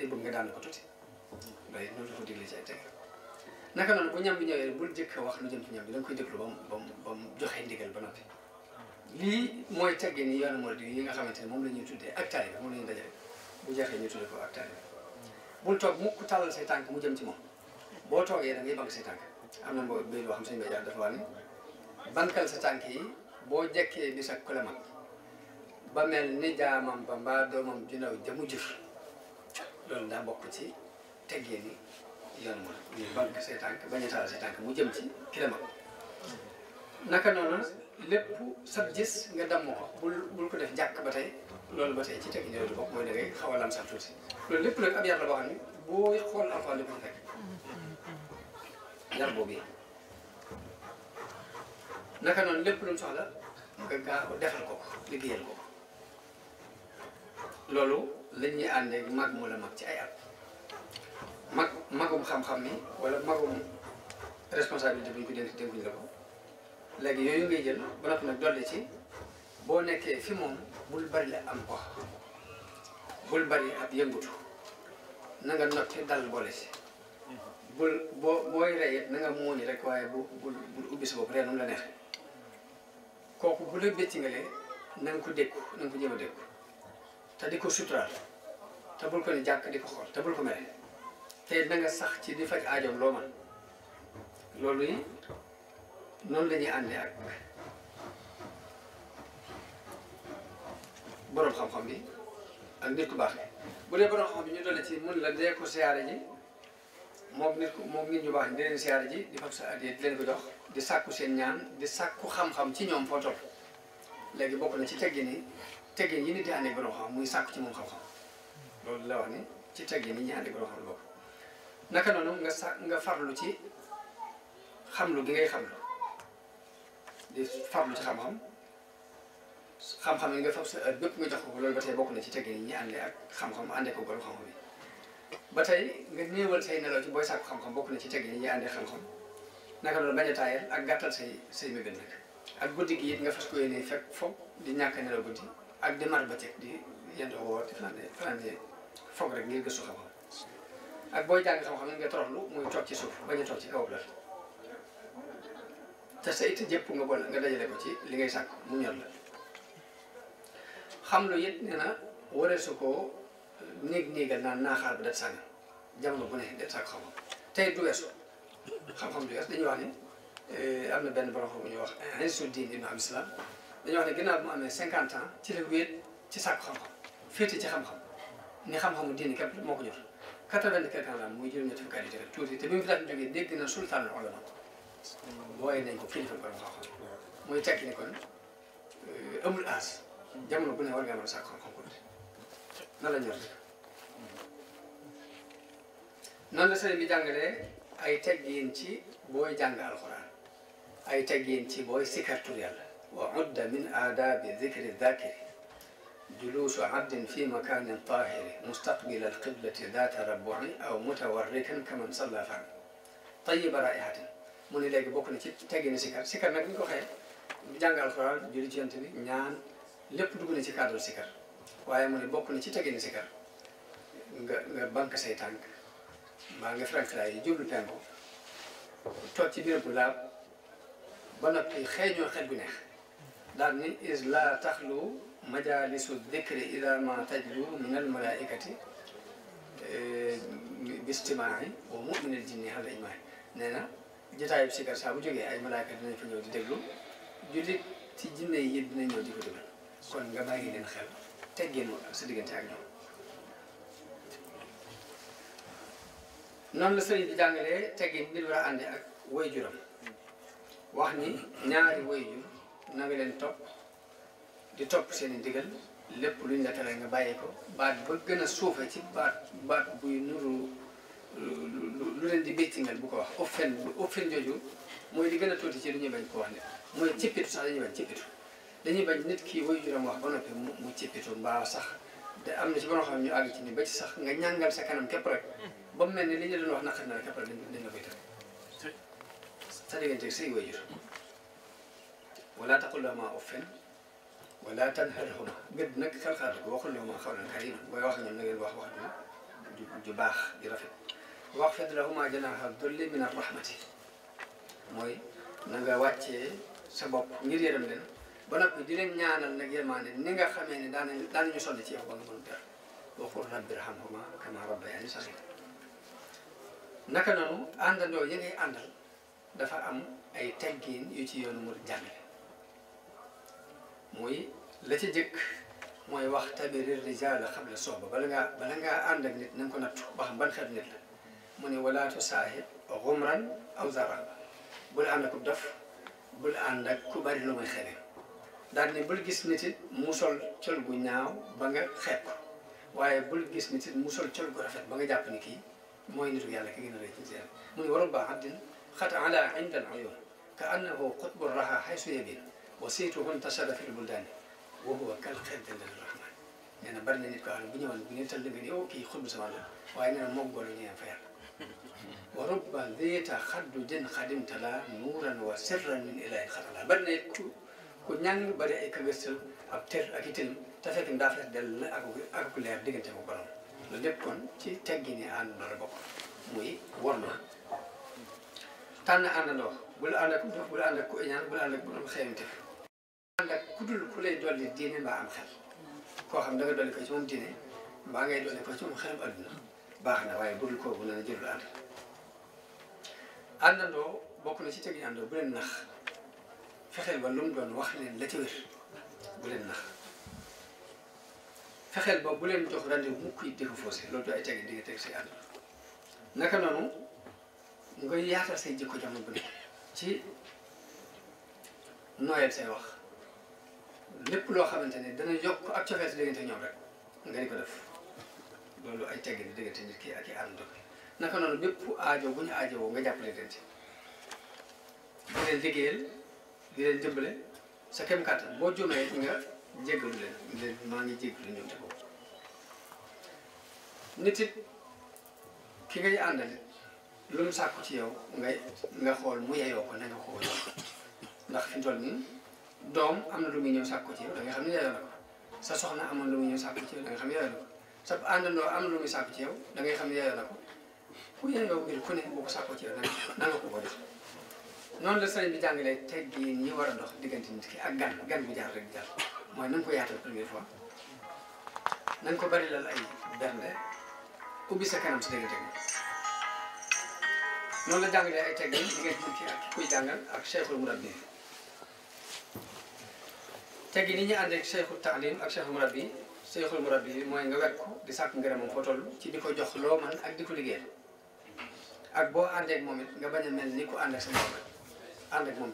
day bëgg nga daan ko tuuti loolu it noonu la ko digle ci ay teg naka noonu bu ñam bi ñëwee bul jëkk wax lu jëm ci ñam bi da koy déglu ba mu ba mu ba mu joxe ndigal ba lii mooy teggee ni yoonu Murid yi nga xamante ne moom la ñuy tuddee ak taalibe moom la bu jeexee ñu tuddee ko bul toog mukk tàllal say tànk mu jëm ci moom boo toogee da ngay bank say tànk am na mboo bay boo xam suñu bay daal dafa wax ni bankal sa tànk yi boo jekkee bis ak ku ba mel ni jaamam ba mbaa doomam ju ndaw loolu daa bokk ci teggee ni yoon ma ñu mu jëm ci ki la naka noonu lépp sab gis nga damm ko bul bul ko def jàkk ba tey loolu ba tey ci teg ñëw di bokk mooy da ngay xaw sax tuuti loolu lépp nag ab yar la boo xam ne boo xool enfant li ko fekk yar lépp lu soxla nga gaaw defal ko ko liggéeyal ko loolu la ñuy àndee mag mu la mag ci ay at mag magum xam-xam mi wala magum responsabilité bu ñu ko dénk dénkuñ la ko léegi yooyu ngay jël ba noppi ci boo nekkee fi moom bul bari am ko bul bari ab yëngutu na nga boole si bul boo booy rey it na nga muuni rek waaye bu bul bul ubbi sa bopp reenum la neex kooku bu la bécci nga lee na ko dékku na ko jëm a dékku te di ko suturaal te bul ko ne jàkk di ko xool te bul ko mere te na sax ci di faj aajoom loo man loolu yi noonu lañuy ñuy àndee ak boroom xam-xam bi ak nit ku baax bu dee boroom xam-xam bi ñu doole ci mun la dee ko siyaare ji moom nit ku moom nit ñu baax di leen siyaare ji di fab sa addiya di leen ko jox di sàkku seen ñaan di sàkku xam-xam ci ñoom foo léegi bokk na ci teggi nii teggin yi nit di àndee borom xam muy sàkku ci moom xam-xam loolu la wax ne ci teggin yi ñuy àndee borom xam bokk naka nga sa nga farlu ci xamlu gi ngay xamlu di farlu ci xam-xam yi nga fab sa ër bépp nga jox ko loolu ba bokk na ci teggin yi ñuy àndee xam-xam ko borom xam ba tey nga néewal say nelaw ci booy sàkku xam-xam bokk na ci teggin yi ñuy àndee xam-xam naka noonu ak gàttal say say ak guddi gi it nga fas ko yéene fekk foog di ñàkk nelaw guddi ak démarche ba teg di yendoo woo di flandé flandé foog rek ngir gëstu xam-xam ak booy jàng xam-xam ne nga toroxlu muy toog ci suuf bañ a toog ci kaw la te sa it jëpp nga bon nga dajale ko ci li ngay sàkk mu ñor la xam lu it nee na waree su ko néeg-néegal naan naaxaar ba det sànni jamono bu ne det sàkk xam-xam tey du weesu xam-xam du weesu dañuy wax ne eh, am na benn borom xam bu ñuy wax insul diin ibnu am islam dañoo wax ne ginnaaw bi mu amee cinquante ans ci la wéet ci sàkku xam-xam féete ci xam-xam ni xam-xamu diine képp moo ko ñor quatre-vingt-quatre ans la muy juróom-ñetti fukki at yi tamit te bi mu fi daan jógee dégg na sultaan la olama wooye nañ ko kilifa borom xam-xam muy tekki euh, amul aas bu ne war ngaa ko nan la ñor nan la sëriñ bi jàngalee ay teggin ci booy jàng alxuraan ay teggin ci booy sikkartur yàlla وعد من آداب ذكر الذاكر جلوس عبد في مكان طاهر مستقبل القبلة ذات ربع أو متوركا كمن صلى فعل طيب رائحة من لك بوكنا تجيني سكر سكر نبي خير بجانب القرآن جلوس ينتبه نعم لب دوغنا سكر سكر وأي من بوكنا تجيني سكر بانك سيطان بانك فرانك لاي جبل تنبو توتي بيربو لاب بنا بي خير يوخير بنيخ daal ni is la taxlu majalisu dikri ida ma tajlu min al malaikati eh, bistimaai wa muminal jinni xal ijmaai nee na jotaayu sikar saa bu jógee ay malaaka dinañ fa ñëw di déglu jullit ci jinne yi dinañ ñëw di ko déglu kon nga bàyyi leen xel tegginu noonu la sëriñ bi jàngalee teggin bi war a àndi ak way juram wax ni ñaari way jur na nga leen topp di topp seen i ndigal lépp luñ la tere nga bàyyi ko baat ba gën a suufe ci baat baat buy nuru lu leen di béccingal bu ko wax offen offen jooju mooy li gën a tuuti ci lu bañ ko wax ne mooy cippitu sax dañuy bañ cippitu ba bañ nit kii way juróom wax ba noppi mu cippitu mbaa sax te am na ci boo xam ne ñu àgg ci ni ba ci sax nga ñàngal sa kanam képp rek ba mu mel ne li ñu doon wax naqari na la képp rek dañ la koy tënk sa diggante say wayjur wala taqul lama uffin wala tanharhuma bët nag xel-xel ko waxul lahuma qawlan kariima booy wax ñoom na ngeen wax wax ju ju baax ju rafet waxfid lahuma janaaha dulli min ar-rahmati mooy na nga wàccee sa bopp ngir yërëm leen ba noppi di leen ñaanal nag yërmaande ni nga xamee ne daan nañu daan nañu sonn ci yow ba nga mën a def waxul rabbi irhamhuma kama rabbayaani saxiira naka noonu àndandoo yi àndal dafa am ay teggin yu ci yoonu mu jàngale muy la ci jëkk mooy wax tabiri rijaala xabla soxba bala ngaa bala ngaa ànd ak nit na nga ko nattu ba xam ban xeet nit la mu ne walaatu saahib xumran aw zaran bul ànd ak ku dof bul ànd ak ku bari lu muy xeme daal ne bul gis nit it mu sol col gu ñaaw ba nga xeeb ko waaye bul gis nit it mu sol col gu rafet ba nga jàpp ni kii mooy nitu yàlla ki gën a rëy ci mu ne warul baax abdin xat ala inda al uyun ka annahu qutbu raha xaysu yabin وصيته انتشر في البلدان وهو كالخد للرحمن يعني برني كار بني من بني تلبيني أو كي خبز ولا وأنا مقبلني أفعل <laughs> ورب ذيت خد جن خدم تلا نورا وسرا من إله خلا برني كو كنيان بري كغسل أبتر أكيدن تفكين دافر دل أكو أكو لعب دين تبو برام لدب كون تي تجيني عن ربك مي ورنا تانا أنا لو بل أنا كنت بل أنا كو إنيان يعني بل أنا كنت خيمتك ànd ku dul ku lay dolli diine mbaa am xel koo xam da nga dolli ko ci moom diine mbaa ngay dolli ko ci moom xelam adduna baax na waaye budul kooku na bokk na ci teg yi àndoo bu leen nax fexeel ba lu mu wax la ci wér ba bu leen jox rendez-vous mukk yi di ko naka noonu nga yaatal say jikko jamono bu ne ci nooyal say wax lépp loo xamante ne dana yokk ak cofeel si diggante ñoom rek nga di ko def loolu ay teggin di ki ak i ànd naka noonu bépp aajo bu nga jàppale leen ci di leen liggéeyal di leen boo jumee nga jéggalu leen leen maa ngi jéggalu ñoom ki ngay àndal lu mu sàkku ci yow ngay nga xool mu yeyoo ko na nga ko ndax fi mu doom am na lu muy ñëw sàkku ci yow da xam ne yeyoo na ko sa soxna amoon lu muy ñëw sàkku ci yow da xam ne yeyoo na ko sa àndandoo am na lu ci yow da ngay xam ne yeyoo na ko ku yendoo ko sàkku noonu la sëriñ bi jàngalee teg gi ñi war a dox diggante nit ki ak gan gan bu jaar mooy nañ ko yaatal première fois nañ ko bari lal ay bernde ubbi sa kanam si diggante noonu la jàngalee ay teg gi diggante tegi ni ñu àndeek cheikhul taalim ak cheikhul murabbi cheikhul murabbi bi mooy nga wet ko di sàkk ngërëmam foo toll ci di ko jox loo man ak di ko liggéeyal boo àndeek moom nga bañ a mel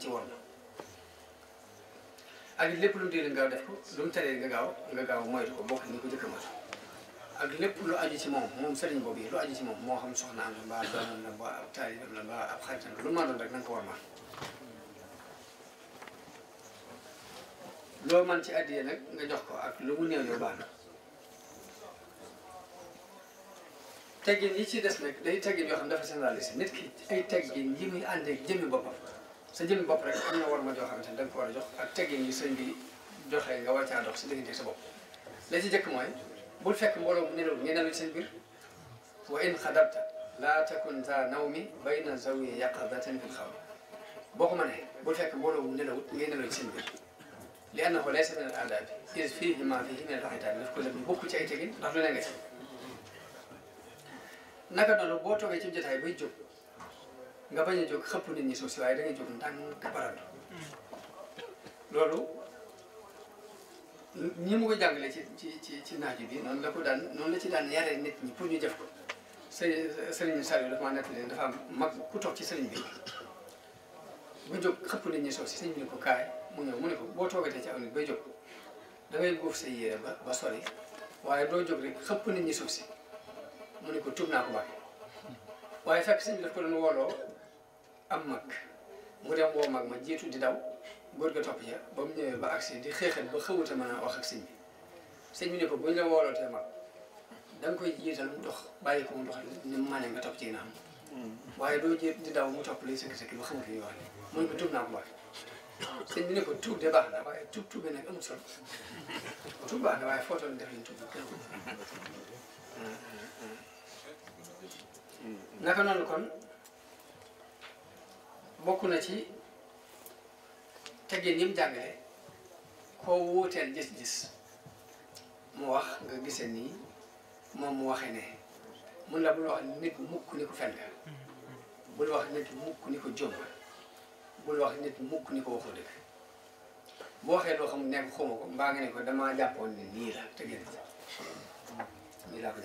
ci wor ak lépp lu diir nga def ko lu mu teree nga gaaw nga gaaw moytu ko bokk ni ko jëkk moytu ak lépp lu aju ci moom moom sëriñ boobu yi lu aju ci moom moo xam soxnaam la mbaa doomam la mbaa ab taalibam la mbaa ab xaritam la lu ma doon rek na ko war ma loo man ci addiya nag nga jox ko ak lu mu néew yow baax na teggin yi ci des nag day teggin yoo xam dafa généralisé nit ki ay teggin yi muy àndee jëmmi boppam sa jëmmi bopp rek am na war ma jox xamante ne da nga ko war a jox ak teggin yi sëñ bi joxee nga war caa dox si diggante sa bopp la ci jëkk mooy bul fekk mbooloo mu nelaw ngeen nelaw seen biir wa in xadabta laa takun za nawmi bayna zawi yaqadatan fil xaw boo ko mënee bul fekk mbooloo mu nelawut ngeen nelaw seen biir li ko laysa min al aadaabi iz fiihi maa fiihi min al xitaan daf ko lëb bokk ci ay tegin ndax lu ne ci naka noonu boo toogee ci jotaay bay jóg bañ jóg xëpp nit ñi suuf si waaye da ngay jóg ndànk barandu loolu ñi mu ci ci ci ci naaju bi noonu la ko daan noonu la ci daan yaree nit ñi pour ñu jëf ko sëñ sëriñ Saliou dafa maa nekk leen dafa am mag ku toog ci sëriñ bi bu jóg xëpp nit ñi suuf si sëñ bi ko kaay mu ñëw mu ne ko boo toogatee ci aw nit bay jóg da ngay góof sa yére ba ba sori waaye doo jóg rek xëpp nit ñi suuf si mu ne ko tuub naa ko bàyyi waaye fekk sëñ am mag mu dem woo ma jiitu di daw góor ga topp ja mu ñëwee ba agsi di xeexal ba xawute mën a ko buñ la wooloo te mag koy jiital mu dox bàyyi ko mu dox ni mu ci naam hmm. waaye doo jiit di daw mu topp lay sëkk-sëkk ba xamut li ñuy mu ne ko tuub naa ko bàyyi sëñ bi ne ko tuub de baax na waaye tuub tuube nag amul solo tuub baax na waaye foo toll def liñ tuub naka noonu kon bokk na ci teggin yi mu koo wuuteel gis-gis mu wax nga gisee nii moom mu waxee ne mun la bul wax nit mukk ni ko fenn bul wax nit mukk ni ko jomb bul wax nit mukk ni ko waxoo dëgg boo waxee xam nekk xuma ko mbaa nga ne ko damaa jàppoon nii te gën nii laa ko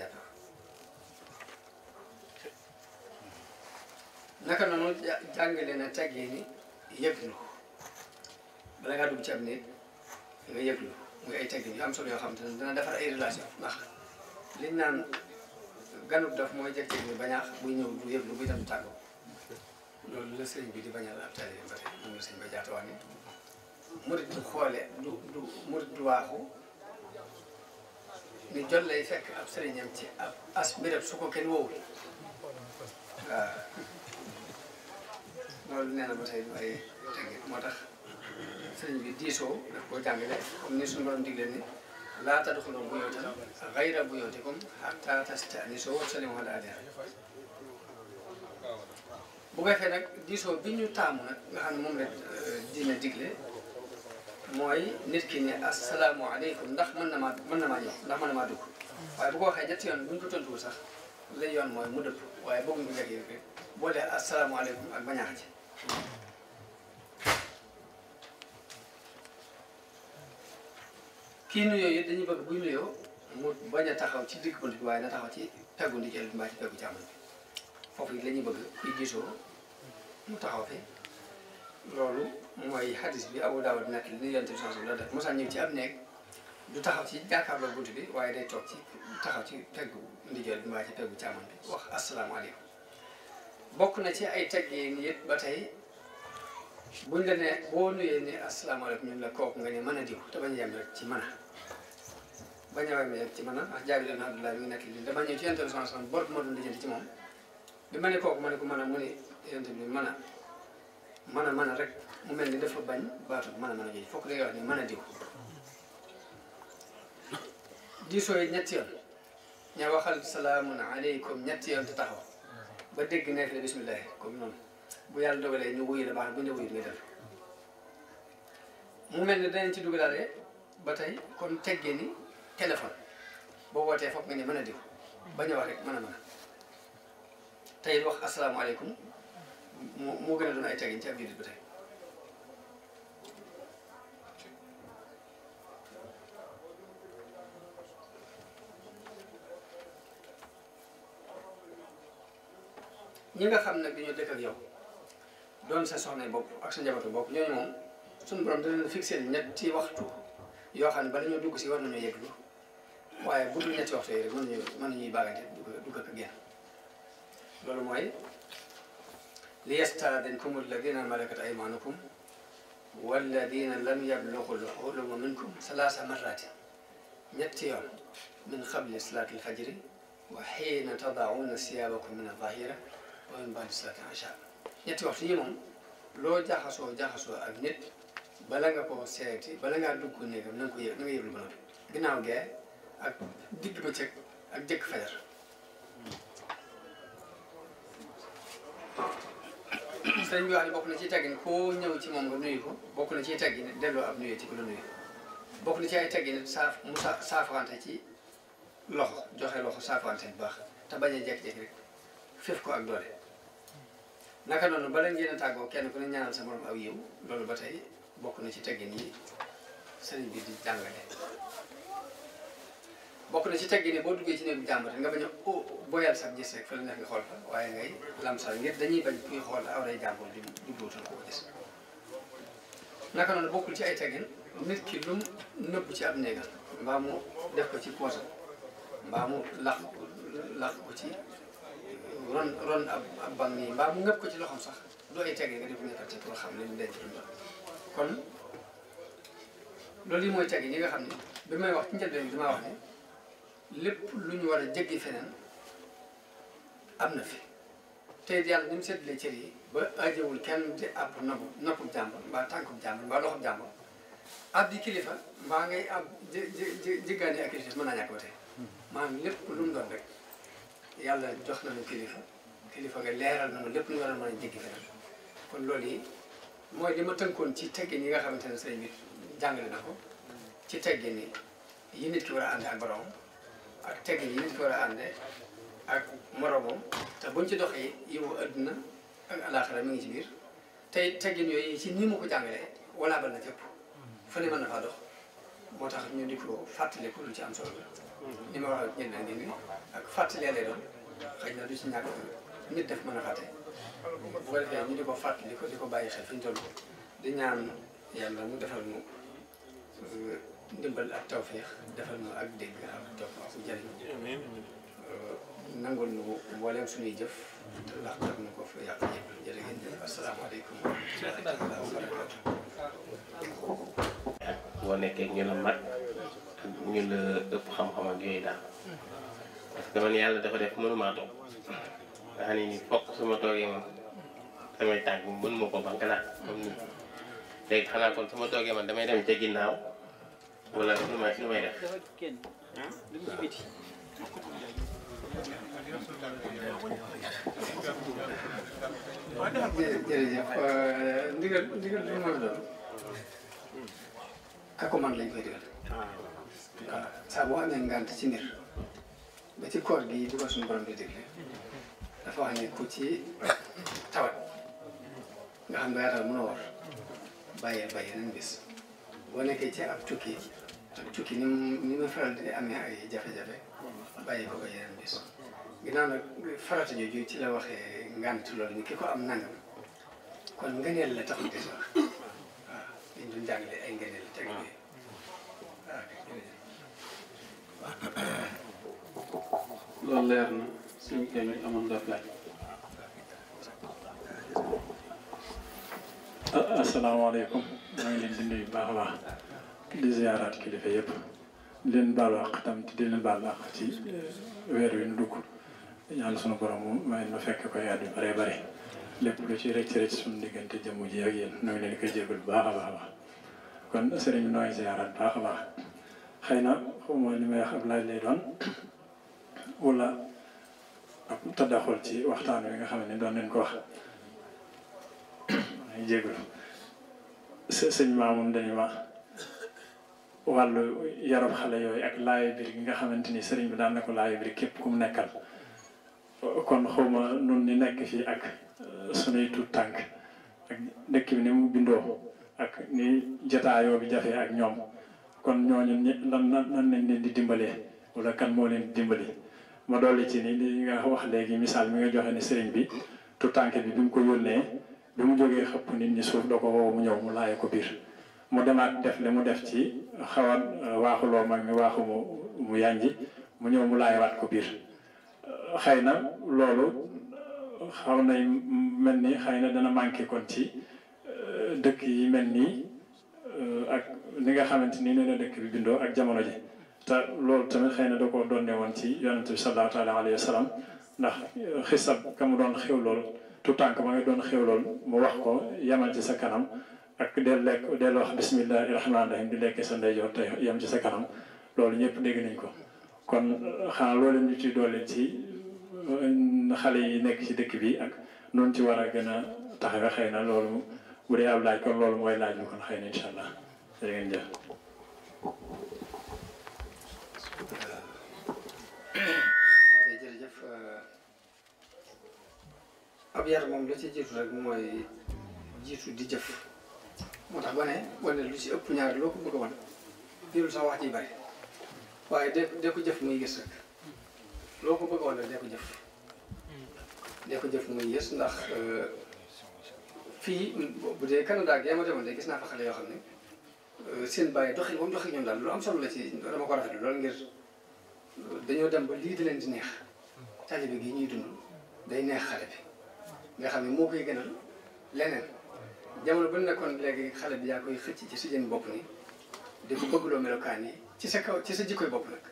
na teggee ni yëglu bala ngaa dugg ci nit nga yëglu muy ay teggin yu am solo yoo xam te ne dana defar ay relation ndax liñ naan ganub daf mooy jekk-jekk bañaax buy ñëw du yëglu buy dem loolu la sëriñ bi di bañal ab taalibe ba tey moom la sëriñ ba jaata wax ni murit du xoole du murit du waaxu ni jot lay fekk ab sëriñam ci ab as mbirab su ko kenn wowul waaw loolu nee na ba moo tax sëriñ bi diisoo daf koo jàngale comme ni suñu borom digle ni laa tadxulu buyuutan gayra buyuutikum hattaa tasta'nisuu wa tusallimuu alaa ahlihaa bu ko defee nag diisoo bi ñu taamu nag nga xam ne moom rek euh, diine digle mooy nit ki ne asalaamaaleykum ndax mën na maa mën ndax mën na maa dugg waaye bu ko waxee ñetti yoon bu ñu ko tontuwul sax lay yoon mooy mu dëpp waaye bëgguñ ko jege rek boo dee asalaamaaleykum ak bañaax ci kii nuyoo yi dañuy bëgg buy nuyoo mu bañ a taxaw ci digg bunt bi waaye na taxaw ci peggu ndigal bi mbaa ci peggu càmmoñ bi foofu it lañuy bëgg di gisoo mu taxaw fi loolu mooy hadis bi Abu Daawud nekk li ñu yonte change la def mosaan ñëw ci ab du taxaw ci jàkkaarloo bunt bi waaye day toog ci taxaw ci peggu ndijoor bi bi wax asalaamaaleykum bokk na ci ay teggin yëpp ba tey buñ la ne boo nuyee ne la kooku nga ne mën a diw te bañ a yem rek ci mën a bañ a yem rek a ndax jaabi leen nga nekk li dama ñëw ci yonte change bor bu ma doon lijjanti ci moom bi ma ne kooku man ne ko mën a mu ne yéen tamit mën a mën a rek mu mel ni dafa bañ baatu mën a mën a jooju fokk day wax ni a diw diisoo yi ñetti yoon ña waxal na aleykum ñetti yoon te taxaw ba dégg nekk la bisimilah comme noonu bu yàlla dogalee ñu wuyu la baax bu ñu wuyu nga def mu mel ni ci dugalaale ba tey kon teggee ni boo wootee foog nga ne mën a diw bañ a wax rek mën a mën tey wax asalaamaaleykum moo moo gën a doon ay teggin ci ab jullit bi tey ñi nga xam nag dañoo dëkk ak yow doon sa soxna bopp ak sa njabootu bopp ñooñu moom suñu borom dina fixé ñetti waxtu yoo xam ne bala ñoo dugg si war nañoo yëglu waaye bu dul ñetti waxtu yi rek mën nañu mën nañuy bàggante dugg ak génn قالوا معي ليستاذنكم الذين ملكت ايمانكم والذين لم يبلغوا الحلم منكم ثلاث مرات مئة يوم من قبل صلاة الفجر وحين تضعون ثيابكم من الظهيرة ومن بعد صلاة العشاء مئة وقت يوم لو جحصوا جحصوا أبنت بلغة سيتي بلغة دكو نيغم نيغم نيغم نيغم نيغم نيغم نيغم نيغم نيغم نيغم sëriñ bi wax ne bokk na ci teggin koo ñëw ci moom nga nuyu ko bokk na ci teggin delloo ab nuyoo ci ku la nuyu bokk na ci ay teggin saaf mu saafaraante ci bu baax te bañ a ko ak doole. naka noonu bala ngeen tàggoo kenn ku ne ñaanal sa morom aw loolu ba tey bokk na ci teggin yi sëriñ bi di jàngale. bokk na ci teggi ne boo duggee ci néegu jàmbur nga bañ a boyal sax gis rek fa la neex nga xool fa waaye ngay lamsal ngir dañuy bañ kuy xool awray jàmbur di duggootal koo gis naka bokkul ci ay teggin nit ki lu mu nëbb ci ab néegam mbaa mu def ko ci poosam mbaa mu laq laq ko ci euh, ron ron ab ab nii mbaa mu ngëpp ko ci loxoom sax doo ay teggin nga def nekkal ci pour xam li ñu denc dund kon loolu yi mooy teggin yi nga xam ne bi may wax ci njëlbeen bi damaa wax ne lépp lu ñu war a jéggi feneen am na fi tey yàlla ni mu seddalee cër yi ba ajewul kenn di àpp nopp noppub jàmbur mbaa tànkub jàmbur mbaa loxob jàmbur ab di kilifa mbaa ngay ab jéggaani ak kilifa mën naa ñàkk ba tey maanaam lépp lu mu doon rek yàlla jox na lu kilifa kilifa nga leeral na ma lépp lu war a mën a feneen kon loolu yi mooy li ma tënkoon ci teggin yi nga xamante ne sëriñ bi jàngale na ko ci teggin yi nit ki war a ànd ak teg yi ñu ko war a àndee ak moromam te buñ ci doxee yow adduna ak alaaxira mu ngi ci biir tey teggin yooyu ci nii mu ko jàngalee wala bal na fépp fa ne mën na dox moo tax ñu di ko fàttaliku lu ci am solo la. li ma wax ak ak ñenn ak fàttalee lay doon xëy na du ci ñàkk nit def mën a fàtte bu ko defee ñu di ko fàttaliku di ko bàyyi xel fi ñu toll di ñaan yàlla mu defal mu. ndimbal ak tawféex defal ñu ak dégg ak topp euh, suñuy jëf te ndax def na ko fa yàlla yëpp jërë nekkee ñu la mag ñu la ëpp xam-xam ak yooyu daal parce que man yàlla dafa def mënumaa toog xam ni fokk suma toogee moom damay tàgg mënuma ko banque daal comme ni léegi xanaa kon suma toogee man damay dem ca ginnaaw wala nu may nu may def. Hmm? jërëjëf euh, ndigal ndigal li lañ koy digal. Ah. waaw saa ci mbir ba ci gi di ko suñu borom di digle dafa wax ku ci tawat nga xam ne yaatal mënoo war bàyyee bàyyee nañ bis boo nekkee ci tukki ni ni ma faral di amee ay jafe-jafe bàyyi ko ba yeneen bis ginnaaw nag farata jooju ci la waxee ngant loolu ni ki ko am nangam kon ngëneel la taxul des wax waaw dañ doon jàngale ay ngëneel la tegu nii loolu leer na suñu kay mi amoon daf laaj asalaamaaleykum maa ngi leen di nuyu baax a baax di ziaraat kilifa yépp di leen baal wax tam di leen baal wax ci eh, weer wi nu dugg ñaan sunu borom mu may nu fekk koy at yu bare bare lépp lu ci rëcc su suñu diggante jëmm ji ak yéen ñu ngi leen koy jégal bu baax a baax a baax kon sëriñ bi nooy ziaraat baax a baax xëy na xawma li may wax ab laaj lay doon <coughs> wala ab taddaxul ci waxtaan wi nga xam ne doon nañ ko wax <coughs> jégalu sëñ maamoon dañu ma wàllu yaram xale yooyu ak laay biir gi nga xamante ni sëriñ bi daan na ko laay biir képp ku mu nekkal kon xawma nun ni nekk fii ak euh, sunuy tuut tànk ak dëkk bi ni mu bindoo ak ni jataayoo bi jafee ak ñoom kon ñooñu lan lan lañ leen di dimbalee wala kan moo leen di dimbali ma dolli ci ni li nga wax léegi misaal mi nga joxe ni sëriñ bi tuut tànk bi bi mu ko yónnee bi mu jógee xëpp nit ñi suuf da ko woow mu ñëw mu laaya ko biir mu demaat def li mu def ci xaw a euh, waaxuloo mag mi waaxu mu yànji mu ñëw mu laayawaat ko biir euh, xëy na loolu euh, xaw nay mel ni xëy na dana manqué kon ci dëkk yi mel nii ak ni nga xamante ni nee na dëkk bi bindoo ak jamono ji te loolu tamit xëy na da koo doonne woon ci yonent bi sallallahu taala alayhi wa sallam ndax xisab ka mu doon xew lool tout tànk doon xew lool wax ko yamal ci sa kanam ak del lekk del wax bismillahi rahmaani rahim di lekk sa ndeyjoor te yem ci sa kanam loolu ñëpp dégg nañ ko kon xanaa loolu ñu ci doole ci euh, xale yi nekk ci dëkk bi ak noonu ci war a gën a tax xëy na loolu bu dee ab laaj kon loolu mooy laaj bi kon xëy na incha allah jërë ngeen jëf jërëjëf euh, di moo tax wane wane lu ci ëpp ñaar loo ko bëgg a wan jërul sax wax ji bari waaye de de ko jëf muy gis rek loo ko bëgg wan rek de ko jëf de ko jëf muy gis ndax euh, fii bu dee Canada ak yaa ma demoon de gis naa fa xale yoo xam ne euh, seen bàyyi doxin moom doxin ñoom daal lu am solo la ci dama ko rafetlu loolu ngir euh, dañoo dem ba lii di leen di neex taalibe gi ñuy dund day neex xale bi nga xam ne moo koy gënal leneen jamono ba nekkoon léegi xale bi yaa koy xëcc ci sujeen bopp ni di ko bëggloo melokaan yi ci sa kaw ci sa jikkoy bopp nag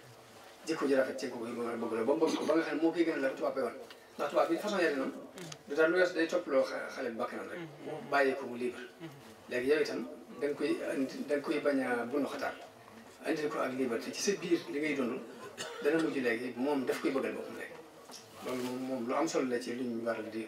jikko ji rafet ci ko yi moom la ko ba nga xam ne moo koy gën a la tubaab yoon ndax tubaab bi bàyyi ko mu libre léegi yow itam da nga koy da nga koy bañ a bunu xataar andil ko ak liberté ci sa biir li ngay dund dana mujj léegi moom daf koy bëggal boppam léegi loolu moom moom lu am solo la ci luñ waral di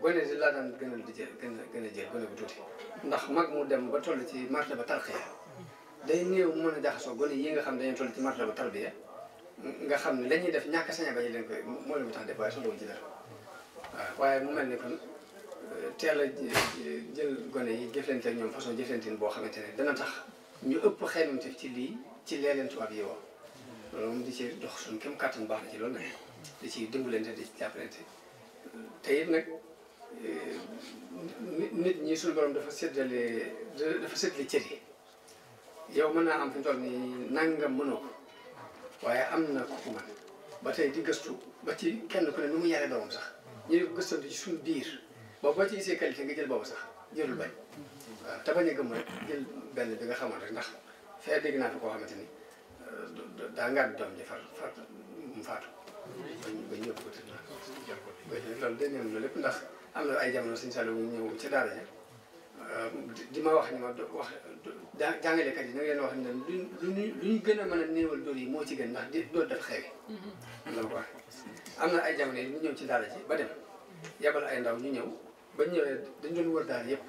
gone di laa daan gën a di jël gën a gën a jël gone bu tuuti ndax mag mu dem ba toll ci martaba ba tarxiya day néew mën a jaxasoo gone yi nga xam dañuy toll ci martaba ba tarbiya nga xam ne dañuy def ñàkk a sañ leen koy moo leen tax def waaye solo waaye mu mel ni kon euh, a jël gone yi jëflante ak ñoom façon jëflanteen boo xamante ne dana tax ñu ëpp xeymamtef ci lii ci lee leen tubaab yi woo loolu moom di ci dox suñ kéem kàttan baax na ci loolu nag di ci dimbalante di ci jàppalante te it nag Eh, nit ñi suñu borom dafa séddale dafa séddale cër yow mën naa am fi mu toll nii nangam mënoo ko waaye am na ku ko mën ba tey di gëstu ba ci kenn ku ne nu mu yare doomam sax ñu ne ko gëstante ci suñu boobu boo ci gisee qualité nga jël boobu sax jëlul bañ te bañ a gëm rek jël benn bi nga xamoon rek ndax fee dégg naa fi koo xamante ni euh, daa ngaa doom ji far far mu faatu. bañ bañ ñëpp ko tëdd naa ko jël ko loolu lépp ndax. am na ay jamono sëñ Saliou mu ñëw ci daara ja euh, di ma wax ni ma wax jàngalekat yi na ngeen wax ne lu ñu lu ñu gën a mën a néewal dóor yi moo ci gën ndax di dóor daf xewi la ko waxee na ay jamono yi ñu ñëw ci daara ji ba dem yabal ay ndaw ñu ñëw bañ ñëwee dañ doon wër daal yëpp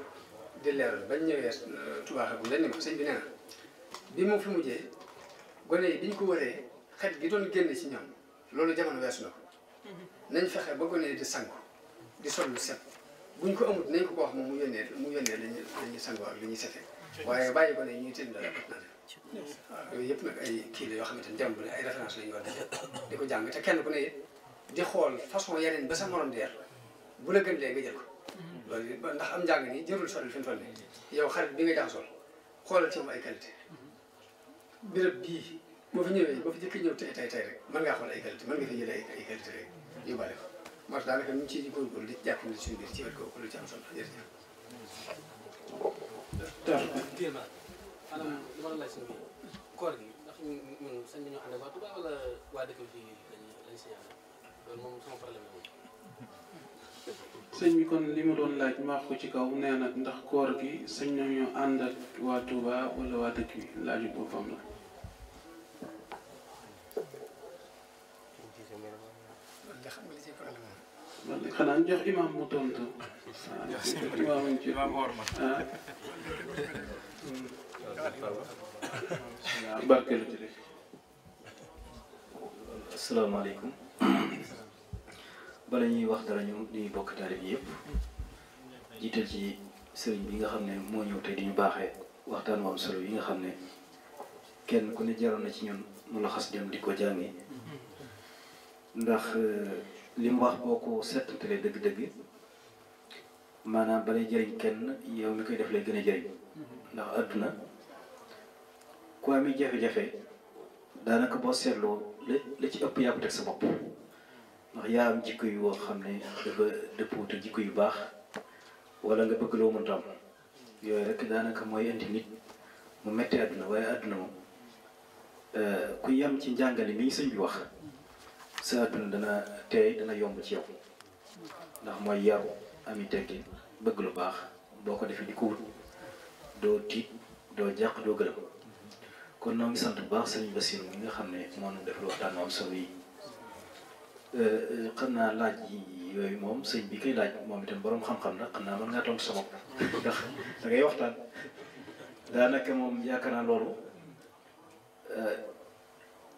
di leeral bañ ñëwee euh, tubaaxa bu leen ni ma sëñ bi nee na bi moom fi mujjee gone yi biñ ko waree xet gi doon génn ci ñoom loolu jamono weesu na ko mm-hmm. nañ fexe ba gone yi di sangu di sol lu set buñ ko amut nañ ko ko wax moom mu yónnee mu yónnee li ñuy li ñuy sangoo ak li ñuy setee waaye bàyyi ko ne ñuy tëdd dara bët na nag kii la yoo xamante ni jàmbale la ñu di ko jàng te kenn ku ne di xool façon yeneen ba sa morom deer bu la gën lee nga jël ko loolu ndax am njàng nii jërul sori fi mu toll nii yow xarit bi nga jaxasoo xoolal ci moom ay qualité béréb bii boo fi ñëwee boo fi jëkk ñëw tey tey tey rek mën ngaa xool ay qualité mën nga fi jëlee ay qualité rek yóbbaale ko moo tax daanaka ñu ci góorgóorlu ci wet kooku lu koor gi ndax ñun sañ nañoo ànd ak waa Touba wala waa dëkk bi lañuy lañ si yàlla loolu moom sama problème la moom. kon li ma doon laaj ko ci kaw nee na ndax koor gi xanaa ñu jox imaam mu tontu. waaw bala ñuy wax dara ñu ñuy bokk taalib ci sëriñ bi nga xam ne moo ñëw tey di ñu baaxee waxtaan waam solo yi nga xam ne kenn ku ne jaroon na ci ñun mu la xas dem di ko jàngee. ndax. li mu wax boo ko seetantalee dëgg-dëgg maanaam balay jëriñ kenn yow mi koy def lay gën a jëriñ ndax àdduna ku ami jafe-jafe daanaka boo seetloo la la ci ëpp yaa ko sa bopp ndax yaa am jikko yu woo xam ne dafa dëppoote jikko yu baax wala nga bëgg loo mënta am yooyu rek daanaka mooy indi nit mu metti àdduna waaye àdduna moom euh, ku yam ci njàngale mi sëñ bi wax sa àdduna dana teey dana yomb ci yow ndax mooy yaru ami teggin bëgg lu baax boo ko defee di ko wut doo tiit doo jàq doo gërëm kon noo sant bu baax sëriñ Bassirou mi nga xam ne moo ñu def lu waxtaan am solo yi euh, euh, xam naa laaj yi yooyu moom sëñ bi koy laaj moom itam boroom xam-xam la xam naa mën ngaa tontu sa ndax da ngay waxtaan daanaka moom yaakaar naa loolu. Euh,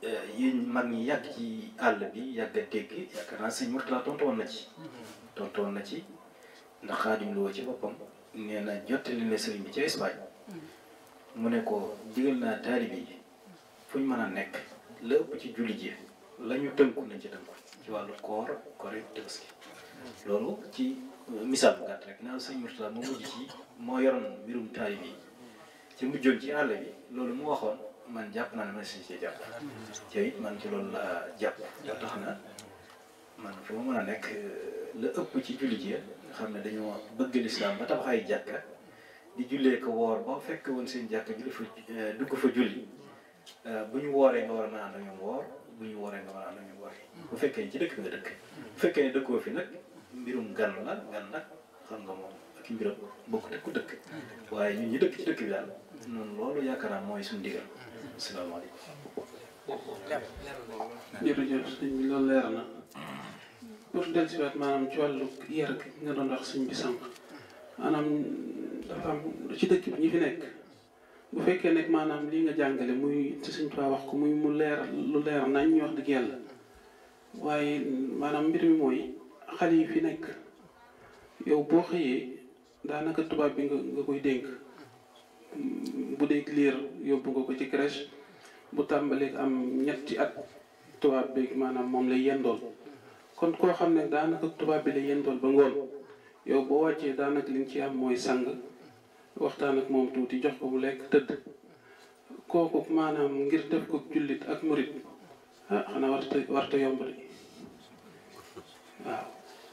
Eh, yéen mag ñi yàgg ci àll bi yàgg a dégg yaakaar naa sëñ Mourtala tontoon na ci. tontoon na ci ndax Xaadim Lo ci boppam nee na jottali ne sëriñ bi ca Espagne mu ne ko digal naa taalibe fu ñu mën a nekk la ëpp ci julli ji lañu ñu tënku nañ ci tënku ci wàllu koor kore Tabaski loolu ci euh, misaal bu gàtt rek naan sëñ Mourtala moo mujj ci moo yoroon mbirum taalibe yi ci mujjoon ci àll bi loolu mu waxoon. man jàpp na ne man si cee jàpp te it man ci loolu la jàpp ba tax na man fu ma mën a nekk eh, la ëpp ci jullit yi nga xam ne dañoo bëgg lislaam ba tabax ay jàkka di jullee ko woor ba fekk woon seen jàkka julli fa eh, dugg fa julli eh, bu ñu nga war a mën a ànd ak ñoom woor bu ñu wooree war a ànd ak ñoom woor bu fekkee ci dëkk nga dëkk bu ne dëkkoo fi nag mbirum gan la gan nag xam nga moom ak mbiram bokk dëkku dëkk waaye ñun ñi dëkk ci dëkk bi daal noonu loolu yaakaar mooy suñu digal. asalaamaaleykum. jërëjëf sëñ loolu leer na pour dellusiwaat maanaam ci wàllu yar gi nga doon wax sëñ bi sànq maanaam dafa am ci dëkk bi ñi fi nekk bu fekkee nekk maanaam li nga jàngale muy ci sëñ Tuubaa wax ko muy mu leer lu leer nañ ñu wax dëgg yàlla waaye maanaam mbir mi mooy xale yi fi nekk yow boo xëyee daanaka tubaab bi nga koy dénk. bu dee liir yóbbu nga ko ci crèche bu tàmbaleeg am ñetti at tubaab bi maanaam moom lay yendool kon koo xam ne daanaka tubaab bi lay yendool ba ngoon yow boo wàccee daanaka li nga ci am mooy sang waxtaan ak moom tuuti jox ko mu lekk tëdd kooku maanaam ngir def ko jullit ak murit ah xanaa warta yomb de waaw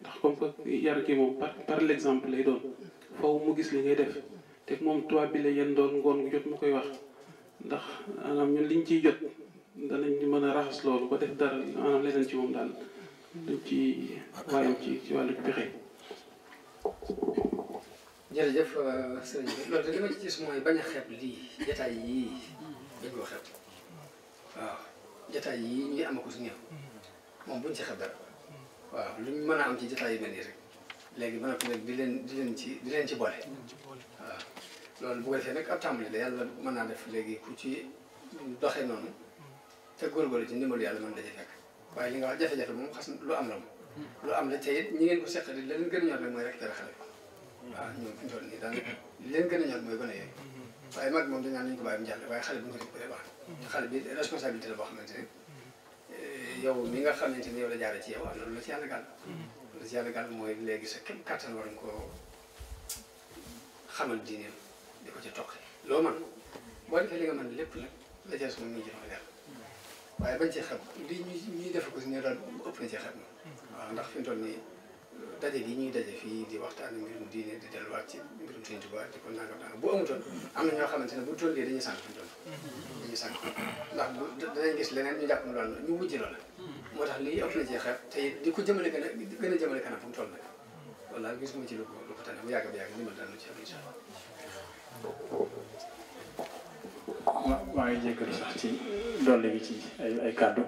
ndax comme que yar ki moom par par l'exemple lay doon faw mu gis li ngay def te moom tubaab bi la doon ngoon gu jot mu koy wax ndax maanaam liñ ciy jot danañ mën a raxas loolu ba def dara maanaam leneen ci moom daal duñ ci waayam ci ci wàllu pexe. jërëjëf euh, sëñ bi loolu de li ma bañ a xeeb lii jataay yii dañ koo xeeb waaw jataay yii ñuy ko suñu moom buñ ci xeeb dara. waaw lu ñu mën a am ci jotaay yu mel rek léegi mën a ko nag di leen di leen ci di leen ci boole. waaw loolu bu ko defee nag ab tàmbali la yàlla mën naa def léegi ku ci doxee noonu te góorgóorlu ci ndimbalu yàlla mën daje fekk waaye li nga wax jafe-jafe moom xas lu am la moom. Hmm. lu am la te ñu ñi ngeen ko seqal di leen gën a ñor mooy rek dara xale ko hmm. waaw ñoom leen gën a ñor mooy gën a yooyu hmm. waaye mag moom dañ naan nañu ko bàyyi mu jàll waaye xale bu ñu ko def xale bi responsabilité la boo xamante ne Eh, yow mi nga xamante ni yow la jaare ci yow am na lu la ci yàlla gàll. Hmm. la ci yàlla gàll mooy léegi sa kéem kàttan war nga koo xamal diineem di ko ci toqe. loo man boo defee li nga mën lépp nag la ca suma muy jox leer hmm. waaye bañ cee xeb li ñuy ñuy def ko si ne daal ëpp na cee na hmm. waaw ndax fi nii. daje gi ñuy daje fii di waxtaan mbirum diine di delluwaat ci mbirum Sëriñ Tuubaa di ko nangam nangam bu amutoon am na ñoo xamante ne bu tollee dañuy sànq fi mu toll. dañuy sànq ndax bu danañ gis leneen ñu jàpp loolu ñu wujj moo tax lii ëpp na ci di ko jëmale gën a gën a jëmale kanam fu mu toll ci lu ko lu bu yàgg bi yàgg li ma daan ci am incha ma ngi jégalu sax ci dolli bi ci ay ay kàddu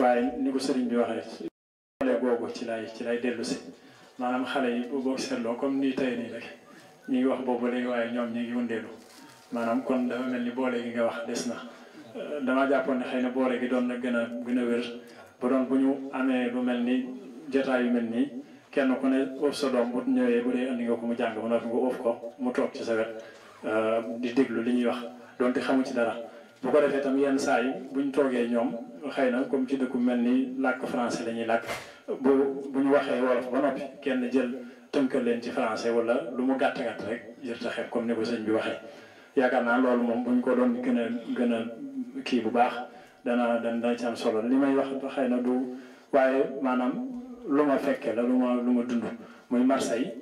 waaye ni ko sëriñ bi waxee. googu ci lay ci lay dellu si maanaam xale yi bu boo seetloo comme ni tey nii rek ñu ngi wax boobu léegi waaye ñoom ñu ngi wundeelu maanaam kon dafa mel ni boole gi nga wax des na euh, damaa jàppoon ne xëy na boole gi doon na gën a gën a wér ba bu ñu amee lu mel ni jotaay yu mel nii kenn ku ne oof sa doom bu ñëwee bu dee andi nga ko mu jàng ba noppi nga oof ko mu toog ci sa wet euh, di déglu li ñuy wax donte xamu ci dara bu ko defee tam yenn saa yi buñ toogee ñoom xëy na comme ci dëkku mel ni làkk français la làkk bu bu ñu waxee wolof ba noppi kenn jël tënkal leen ci français wala lu mu gàtt gàtt rek jër ta xeeb comme ni ko sëñ bi waxee yaakaar naa loolu moom bu ñu ko doon gën a gën a kii bu baax dana dana ci solo li may wax xëy na du waaye maanaam lu ma fekkee la lu ma lu ma dund muy Marseille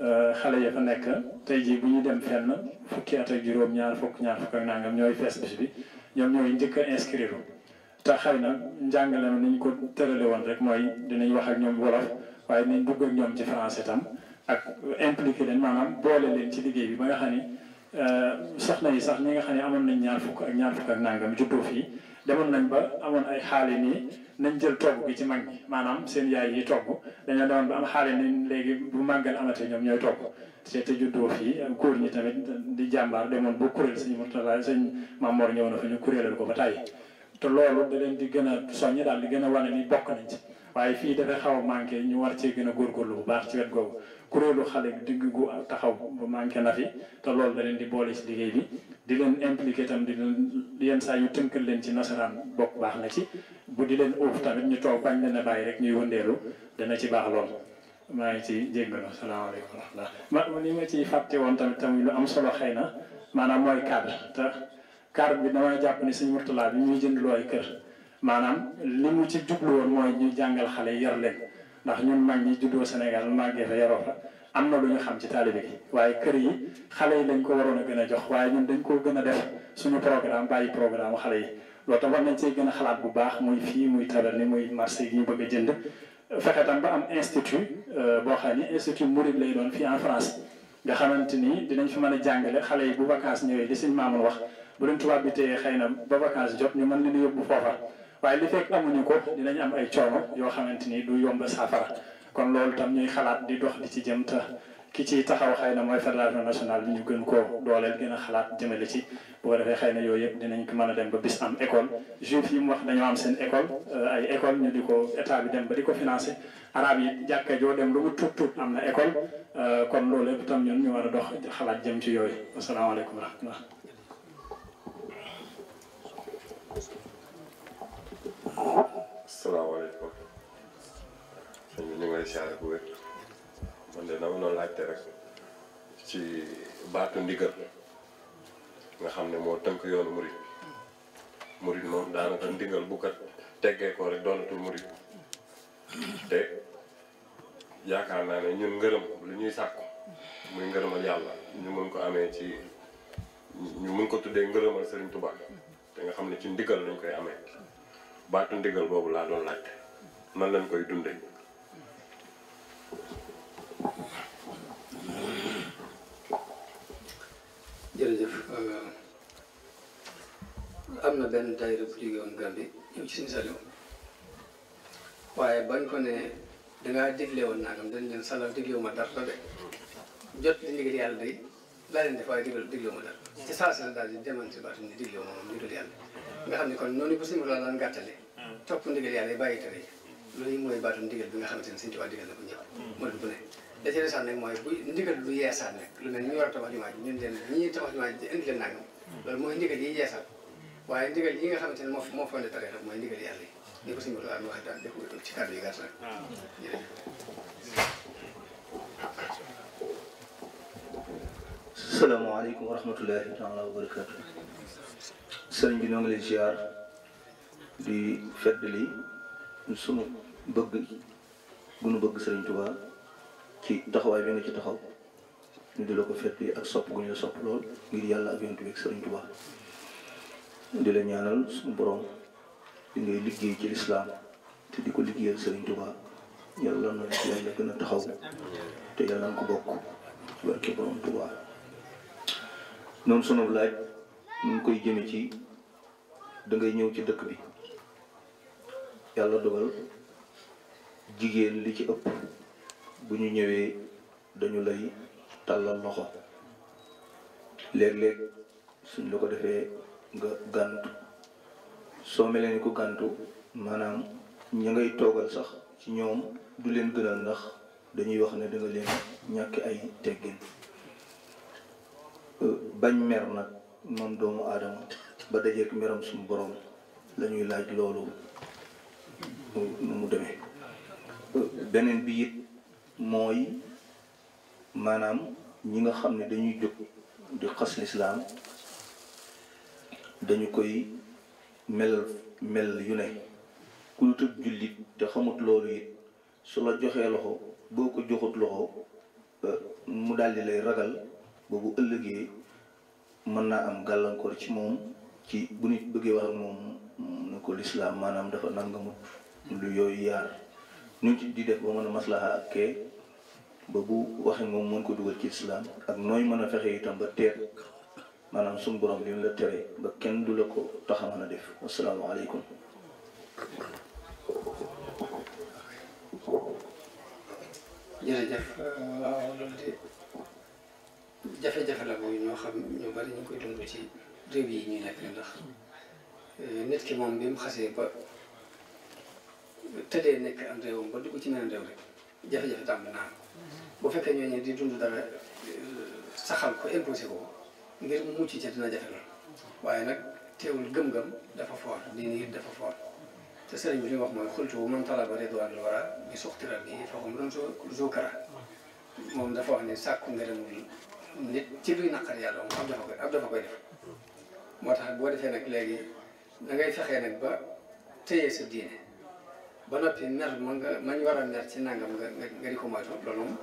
euh, xale ya fa nekk tey jii bu ñu dem fenn fukki at ak juróom ñaar fukk ñaar fukk ak nangam ñooy fees bis bi ñoom ñooy njëkk a inscrire te xëy na njàngale mi nañ ko tërale woon rek mooy dinañ wax ak ñoom wolof waaye dinañ dugg ak ñoom ci français tam ak impliqué leen maanaam boole leen ci liggéey bi ba nga xam ni euh, na yi sax ñi nga xam ne amoon nañ ñaar fukk ak ñaar fukk ak nangam juddoo fii demoon nañ ba amoon ay xaale nii nañ jël togg ki ci mag ñi maanaam seen yaay yi togg dañoo demoon ba am xaale ni léegi bu màggal amatee ñoom ñooy togg te te juddoo fii góor ñi tamit di jàmbaar demoon ba kuréel sëñ Murtala sëñ Mamor ñëw na ñu kuréelal ko ba tàyyi te loolu da leen di gën a soññi daal di gën a wane ni bokk nañ ci waaye fii dafay xaw a manqué ñu wax cee gën a góorgóorlu bu baax ci wet ko kuréelu xale digg gu taxaw bu manqué na fi te loolu da di boole ci liggéey bi di leen impliqué tam di leen yenn saa yu tënkal leen ci nasaraan bokk baax na ci bu di leen uuf tamit ñu toog bañ leen a rek ñuy wëndeelu dana ci baax lool maa ngi ciy jéggalu salaamaaleykum wa rahmatulah ma ni ma ciy fàtte woon tamit tamit lu am solo xëy na maanaam mooy cadre carte bi dama japp ni seigne Murtala bi ñuy jënd loy kër manam limu ci djublu won moy ñu jangal xalé yar leen ndax ñun mag ñi juddoo senegal màggee fa yaroo fa amna lu ñu xam ci talibé gi waaye kër yi xalé yi dañ ko warona gëna jox waye ñun dañ ko gëna def suñu programme bàyyi programme xalé yi lo tam war nañ cee gën xalaat bu baax muy fi muy tabal ni muy marché gi ñu bëgg jënd fexe tam ba am institut euh, bo xani institut Mouride lay doon fi en France nga xamanteni dinañ fi mëna jàngalé xalé yi bu vacances ñëwé li seigne mamoul wax bu leen tubaab bi téye xëy na ba vacance jot ñu man mën leen yóbbu foofa waaye li fekk amuñu ko dinañ am ay coono yoo xamante ni du yomb saafara kon loolu tam ñuy xalaat di dox di ci jëm ta ci taxaw xëy na mooy fédération nationale bi ñu gën koo dooleel gën a xalaat jëmale ci bu ko xëy na yooyu yëpp dinañ mën a dem ba bis école juif yi mu wax dañoo am seen école euh, ay ñu di ko état bi dem ba di ko financé arab yi jàkka joo dem lu mu tuut tuut am na école euh, kon loolu yëpp tam ñun ñu war a dox xalaat jëm ci yooyu asalaamaaleykum wa rahmatullah asalaamaaleykum sëñ bi ñu ngi lay siyaare bu man de dama doon laajte rek ci baatu ndigal nga xam ne moo tënk yoonu murit murit moom daanaka ndigal bu teggee ko rek doonatul murit te yaakaar naa ne ñun ngërëm lu ñuy sàkku muy ngërëmal yàlla ñu mën ko amee ci ñu mën ko tuddee ngërëmal sëriñ Touba te nga xam ne ci ndigal lañ koy amee baatu ndigal boobu laa doon laajte nan lañ koy dunde jërëjëf euh, am na benn daayira bu jóge woon Gambi ñëw ci suñu waaye bañ ko ne dangaa digle woon naagam dañ leen salal diglewu ma dara de jot li ndigal yàlla day laa leen def waaye digal diglewu ma dara saa si di deman si baatu ni diglewu ma moom ndigal yàlla nga xam ne kon noonu bu suñu la daan gàttale hmm. topp ndigal yàlla yi bàyyi tere loolu mooy baatum ndigal bi nga xamante ne suñu tubaab digal na ko ñëpp mënut hmm. bu ne da cee desaan nag mooy bu ndigal lu yeesaat nag lu mel ni ñu war a tabax jumaa ji ñun leen ñii tabax jumaa ji indi leen nangam hmm. loolu mooy ndigal yi yeesaat waaye ndigal yi nga xamante ne moo moo fonde tere rek mooy ndigal yàlla yi ni ko suñu la waxee daal def ci kàddu yi gàtt salaamaaleykum wa rahmatulahi taala wa barakatu sëriñ bi ñoo la lay ziar di feddali sunu bëgg bu nu bëgg sëriñ Tuubaa ci taxawaay bi ci taxaw ñu di la ko feddali ak sopp gu ñu la sopp lool ngir yàlla ak yonent bi ak sëriñ Tuubaa di la ñaanal suñu borom di ngay liggéey ci lislaam te di ko liggéeyal sëriñ Tuubaa yàlla na ci yàlla gën a taxaw te yàlla na ko bokk barke borom Tuubaa noonu sunu laaj ñu koy jëme ci da ngay ñëw ci dëkk bi yàlla dogal jigéen li ci ëpp bu ñu ñëwee dañu lay tàllal loxo léeg-léeg suñ la ko defee nga gàntu soo melee ni ko gàntu maanaam ña ngay toogal sax ci ñoom du leen gënal ndax dañuy wax ne da leen ñàkk ay teggin euh, bañ mer nag moom doomu aadama ba dajeek meram suñu borom lañuy laaj loolu nu mu deme beneen bi it mooy maanaam ñi nga xam ne dañuy jóg di xas lislaam dañu koy mel mel yu ne ku lu tëb jullit te xamut loolu it su la joxee loxo boo ko joxut loxo euh, mu daldi lay ragal boobu ëllëgee mën naa am gàllankoor ci moom ci bu nit bëggee wax ak moom ne ko lislaam maanaam dafa nangamut lu yooyu yaar ñu ci di def ba mën a maslaha ak kee ba bu waxee moom mën ko dugal ci lislaam ak nooy mën a fexe itam ba teer maanaam suñu borom li mu la tere ba kenn du la ko tax a def wasalaamaaleykum jërëjëf waaw euh, loolu de ñoo xam ñu bari ñu koy dund ci réew yi ñu nekk ndax nit ki moom bi mu xasee ba tëddee nekk am réewam ba dugg ci meneen réew rek jafe-jafe tàmm naa bu fekkee ñooñu di dund dara saxal ko imposé ko ngir mucc ci dina jafe lool waaye nag teewul gëm-gëm dafa foor diine it dafa foor te sëriñ bi li mu wax mooy xultu man talaba ridwan la wara bi suxtiral bi fa xum doon zukara moom dafa wax ne sàkku ngërëmul nit ci luy naqar yàlla moom ab dafa koy ab dafa koy def moo tax boo defee nag léegi da ngay fexee nag ba téye sa diine ba noppi mer ma nga mañ war a mer ci nangam nga nga di ko moytu loolu moom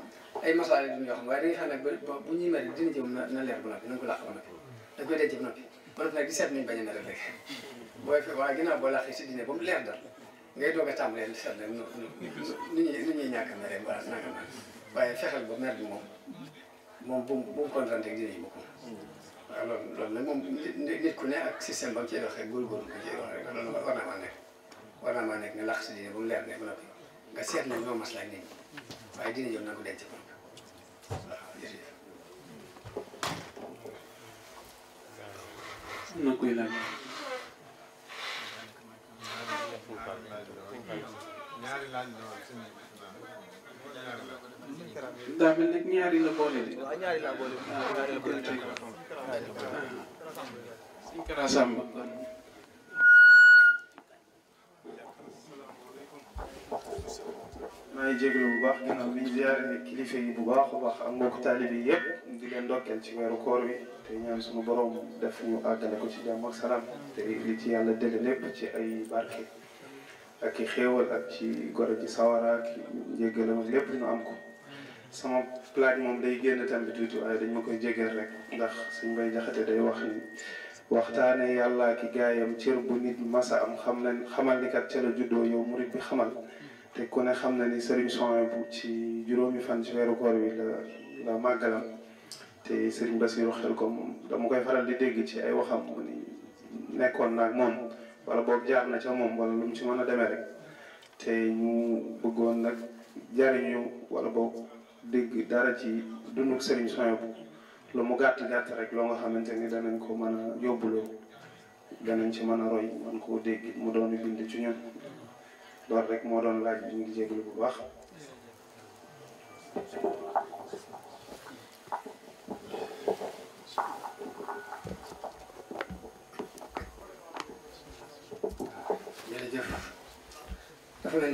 ay masaale duñ yoo xam waaye da ngay fexe bu ñuy mer dina jëm na leer bu noppi na ko làq ba noppi da koy denc ba noppi ba noppi nag di seet nañ bañ a mer boo làqee sa diine ba mu leer dal ngay doog a tàmbalee di seet nag ñuy ñàkk waaye fexeel ba mer bi moom moom bu mu bu mu kontaan rek dinañ waaw loolu loolu nag moom nit ku ne ak système ba mu ciy doxee góorgóorlu ko ciy doxee loolu war naa maa nekk war naa maa nekk nga laq si diine ba mu daa mel nag ñaari la boole de. waaw ñaari la boole ñaari la boole tey suñ Kara Samb. maa ngi jégalu bu baax ginnaaw bi ñu ziare kilifa yi bu baax a baax ak mbokk taalibe yi yëpp di leen ndokkeel ci weeru koor wi te ñaan suñu borom def ñu àggale ko ci jàmm ak salaam te li ci yàlla dele lépp ci ay barke. ak i xéewal ak ci gore ci sawara ak njéggalam lépp ñu am ko. sama plaque moom day génn tam bi tuuti waaye dañ ma koy jéggal rek ndax suñ bay jaxate day wax ni waxtaane yàllaa ki gaayam cër bu nit masa am xam na xamal ni kat ca la juddoo yow murit bi xamal te ku ne xam na ni sëriñ Sonia bu ci juróomi fan ci weeru koor wi la la màggalam te xel ko moom dama koy faral di dégg ci ay waxam mu ni nekkoon naag moom wala boobu jaar na ca moom wala lum mu ci mën a demee rek te ñu bëggoon nag jariñu wala boobu dégg dara ci dundu Serigne Souhaïbou bu lu mu gàtt gàtt rek loo nga xamante ni danañ ko mën a yóbbuloo danañ ci mën a roy man koo dégg mu doon bind ci ñun loolu rek moo doon laaj bi ñu ngi jégalu bu baax.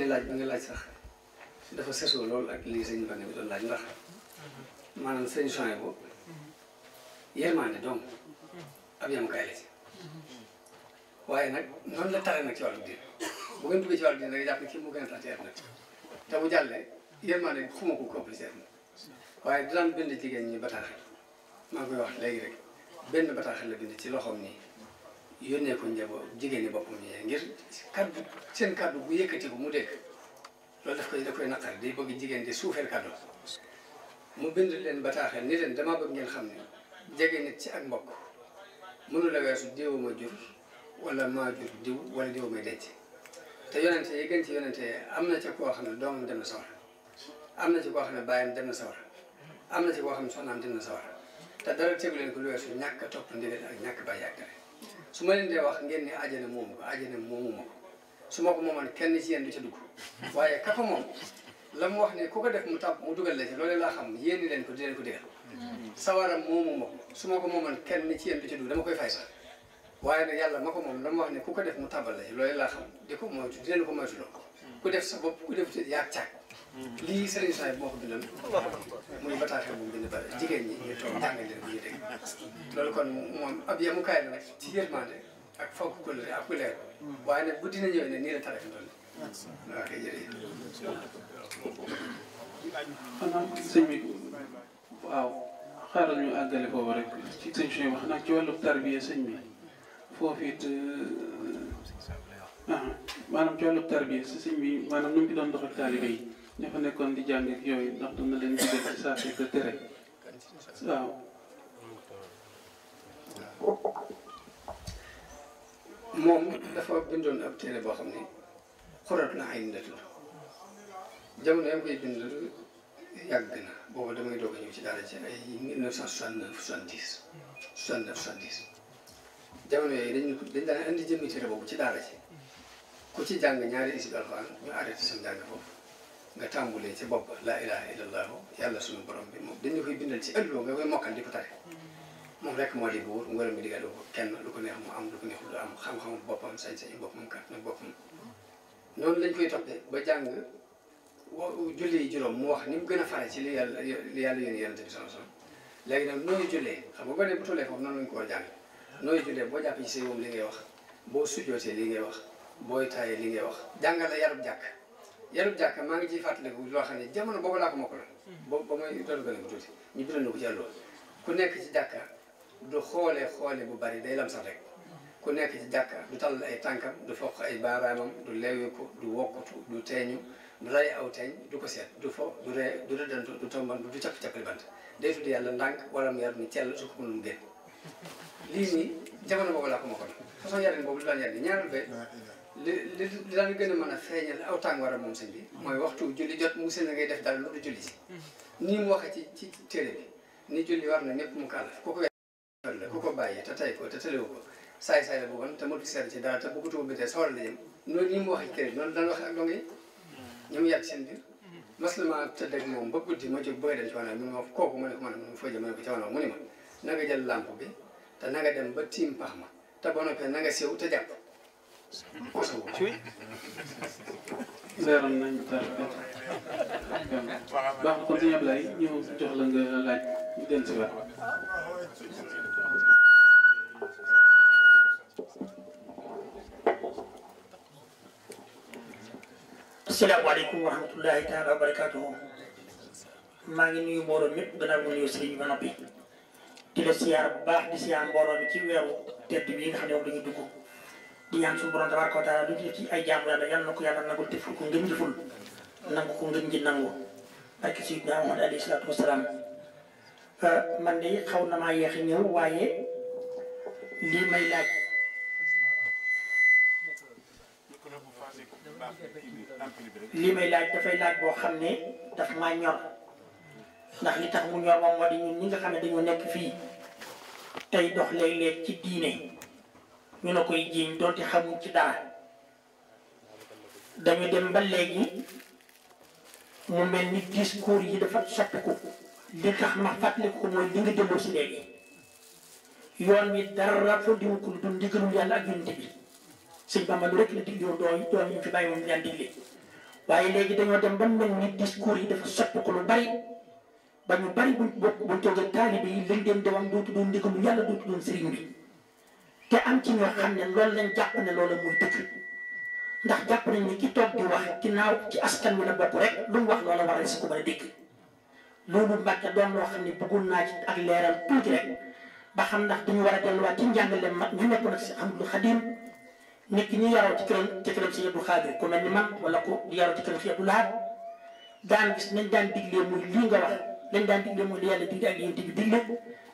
laaj bi nga laaj sax. dafa sesoo loolu ak lii sëñ Mbane bi doon laaj ndax maanaam sëñ Sonia boobu yërmande dong la ci waaye nag noonu la tare nag ci wàllu diine bu ngeen duggee ci wàllu diine da a tax ci àdduna te bu jàllee yërmande xuma daan bind jigéen ñi bataaxal maa ngi koy wax léegi rek benn bataaxal la bind ci loxoom nii yónnee ko njaboot jigéen ñi boppam ñi ngir kaddu seen kaddu bu yëkkati ko mu dégg. loolu daf koy da koy naqari day bëgg jigéen di suufeel kàddu mu bind leen bataaxel ni leen dama bëgg ngeen xam ne jege nit ci ak mbokk mënu la weesu diw ma jur wala maa jur diw wala diw may denc te yonente yi gën ci yonente am na ci koo xam ne doomam dem na sawar am na ci koo xam ne bàyyam dem na sawar am na ci koo xam ne soxnaam dem na sawar te dara tegu leen ko lu weesu ñàkk a topp ndigal ak ñàkk bàyyi ak tere su ma leen dee wax ngeen ne àjjana moomu ko moom moomu ma su ma ko moomoon kenn ci yéen du ca dugg waaye ka ko moom la mu wax ne ku ko def mu tàpp mu dugal la ci loolu laa xam yéen leen ko di leen ko digal sawaram moomu ma ko su ma ko moomoon kenn ci yéen du ca dugg dama koy fay sax waaye yàlla ma ko moom la mu wax ne ku ko def mu tàbbal la ci loolu laa xam di ko moytu di loolu ku def sa bopp ku def yaa càkk lii Serigne Saay moo ko bindal muy bataaxel bu mu bind bare jigéen ñi ñu toog jàngal leen bu ñu la nag ci yërmande ak fonk kóllëre ak kuleer waaye nag bu dina ñëwee ne nii la tarif doon xanaa sëñ bi waaw xaaral ñu àggale foofu rek ci sëñ suy wax nag ci wàllu tarbiya sëñ bi foofu it euh, ah, maanaam ci wàllu tarbiya si sëñ bi maanaam nu mu fi doon dox ak taalibe yi ña fa nekkoon di jàng ak yooyu ndax doon na leen digal ci saa si waaw moom dafa bindoon ab téere boo xam ne xorat na ay ndëtt la jamono yam koy bind yàgg na booba damay doog a ñëw ci daara ci ay 1969 70 69 70 jamono yooyu dañ dañ daan indi jëmmi téere boobu ci daara ci ku ci jàng ñaari isib alxuraan ñu arrêté suñu nga tàmbulee ci bopp la ilaha illallahu yàlla suñu borom bi moom dañu koy bindal ci ëllëgoo nga koy mokkal di tare moom rek moo di buur ngóor mi digal ko kenn lu ko neex mu am lu ko neex xam-xamu boppam sañ-sañu boppam kàttan lañ koy toppee ba jàng wa julli juróom mu wax ni mu gën a fare ci li yàlla li yàlla yónni yonent léegi nag nooy jullee xam nga gone bu tollee foofu noonu lañ nooy jullee boo jàpp ci say woom li wax boo sujjootee li ngay wax booy taayee li ngay wax. jàngal la yarub jàkk yarub jàkk maa ngi ciy fàttaliku loo xam ne jamono boobu laa ko hmm. ñu bindoon na ko ku nekk ci jàkka du xoolee xoole bu bari day lam sax rek ku nekk ci jàkka du tàll ay tànkam du foq ay baaraamam du leewi ko du wokkutu du teeñu du ray aw teeñ du ko seet du fo du ree du rëddantu du tombantu du capp-cappali bant day tudd yàlla ndànk wala mu yar ni cell li daan yar ni ñaareel ba li li li daan a mën a feeñal aw tàngooram moom sëñ bi mooy waxtu julli jot mu seen ngay def dara lu du julli si mm-hmm. nii mu waxee ci ci téere bi ni julli war na ñëpp mu kàlla tolle koko mbaye to tawi ko to tali ko sayi sayi bo won tamo fisere ci dara tabu ko to bete sawle dem no ni mo wax kere non dan wax ak dongi ñum yak sen bir maslama tedd ak mom ba guddi ma ci boy dem ci wana mi ma koku mo ne ko man mo fojje mo ko ci wana mo ni ma naga jël lamp bi te naga dem ba tim pax ma te bo noppé naga sew te japp ko so ci leeram nañ ta baax ko ci ñablay ñew jox la nga laaj ñu del ci asalaamaaleykum wa rahmatulahi taala wa maa ngi nuyu mbooloo mépp gannaaw mu nuyu sëriñ ba noppi di la siyaar bu baax di siyaar mbooloo bi ci weeru tedd bi nga xam ne moom dañuy dugg ko yàlla nangul teful ko ngeen jëful nangu ko ngeen ji nangu barke Seydina Muhammad alayhi salaatu euh, de xaw na maa yéex a ñëw waaye lii may laaj. lii may laaj dafay laaj boo xam ne daf maa ñor ndax li tax mu ñor moom moo di nga xam ne dañoo nekk fii tey dox léeg-léeg ci diine ñu ne koy jiiñ doonte xamuñ ci dara dañu dem ba léegi mu mel ni discours yi dafa soppiku li tax ma fàttaliku ko mooy li nga delloo si léegi yoon wi dara foo diwu ko du ndigalul yàlla ak yonent bi si Bamba lu rek la digle woon doo doon ñu fi bàyyi woon ñaan digle waaye léegi dañoo dem ba mel ni discours yi dafa sopp ko lu bari ba ñu bari bu buñ toogee taalibe yi lañ leen di wax dootu doon ndigalu yàlla dootu doon sëriñ bi te am ci ñoo xam ne loolu lañ jàpp ne loolu mooy dëkk ndax jàpp nañ ni ki toog di wax ginnaaw ci askan wi la bokk rek lu mu wax loola waral si ko mën a dégg loolu mbàkke loo xam ne bëggoon naa ci ak leeral tuuti rek ba xam ndax dañu war a delluwaat ci njàngale mag ñu nekkoon ak si Ahmadul Xadim nit ki ñu yaroo ci këram ci këram si Abdou Khadir ku mel ni man wala ku yaroo ci këram si Abdou Lahad daan gis nañ daan diglee muy lii nga wax lañ daan diglee mooy li yàlla digle ak yéen bi digle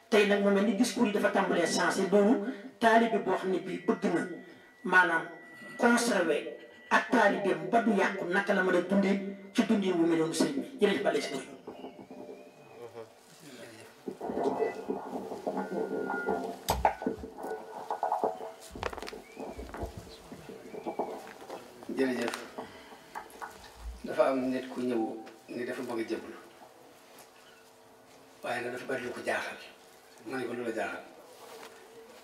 tey nag mu mel ni discours yi dafa tàmbalee sensé boobu taalibe boo xam ne bii bëgg na maanaam conserver ak taalibeem ba du yàqu naka la mën a dundee ci dundee wu mel noonu sëñ bi jërëjëf Balaye Sëñ jërëjëf dafa am nit ku ñëw ni dafa bëgg a jébbalu waaye nag dafa bari lu ko jaaxal ma ne ko lu jaaxal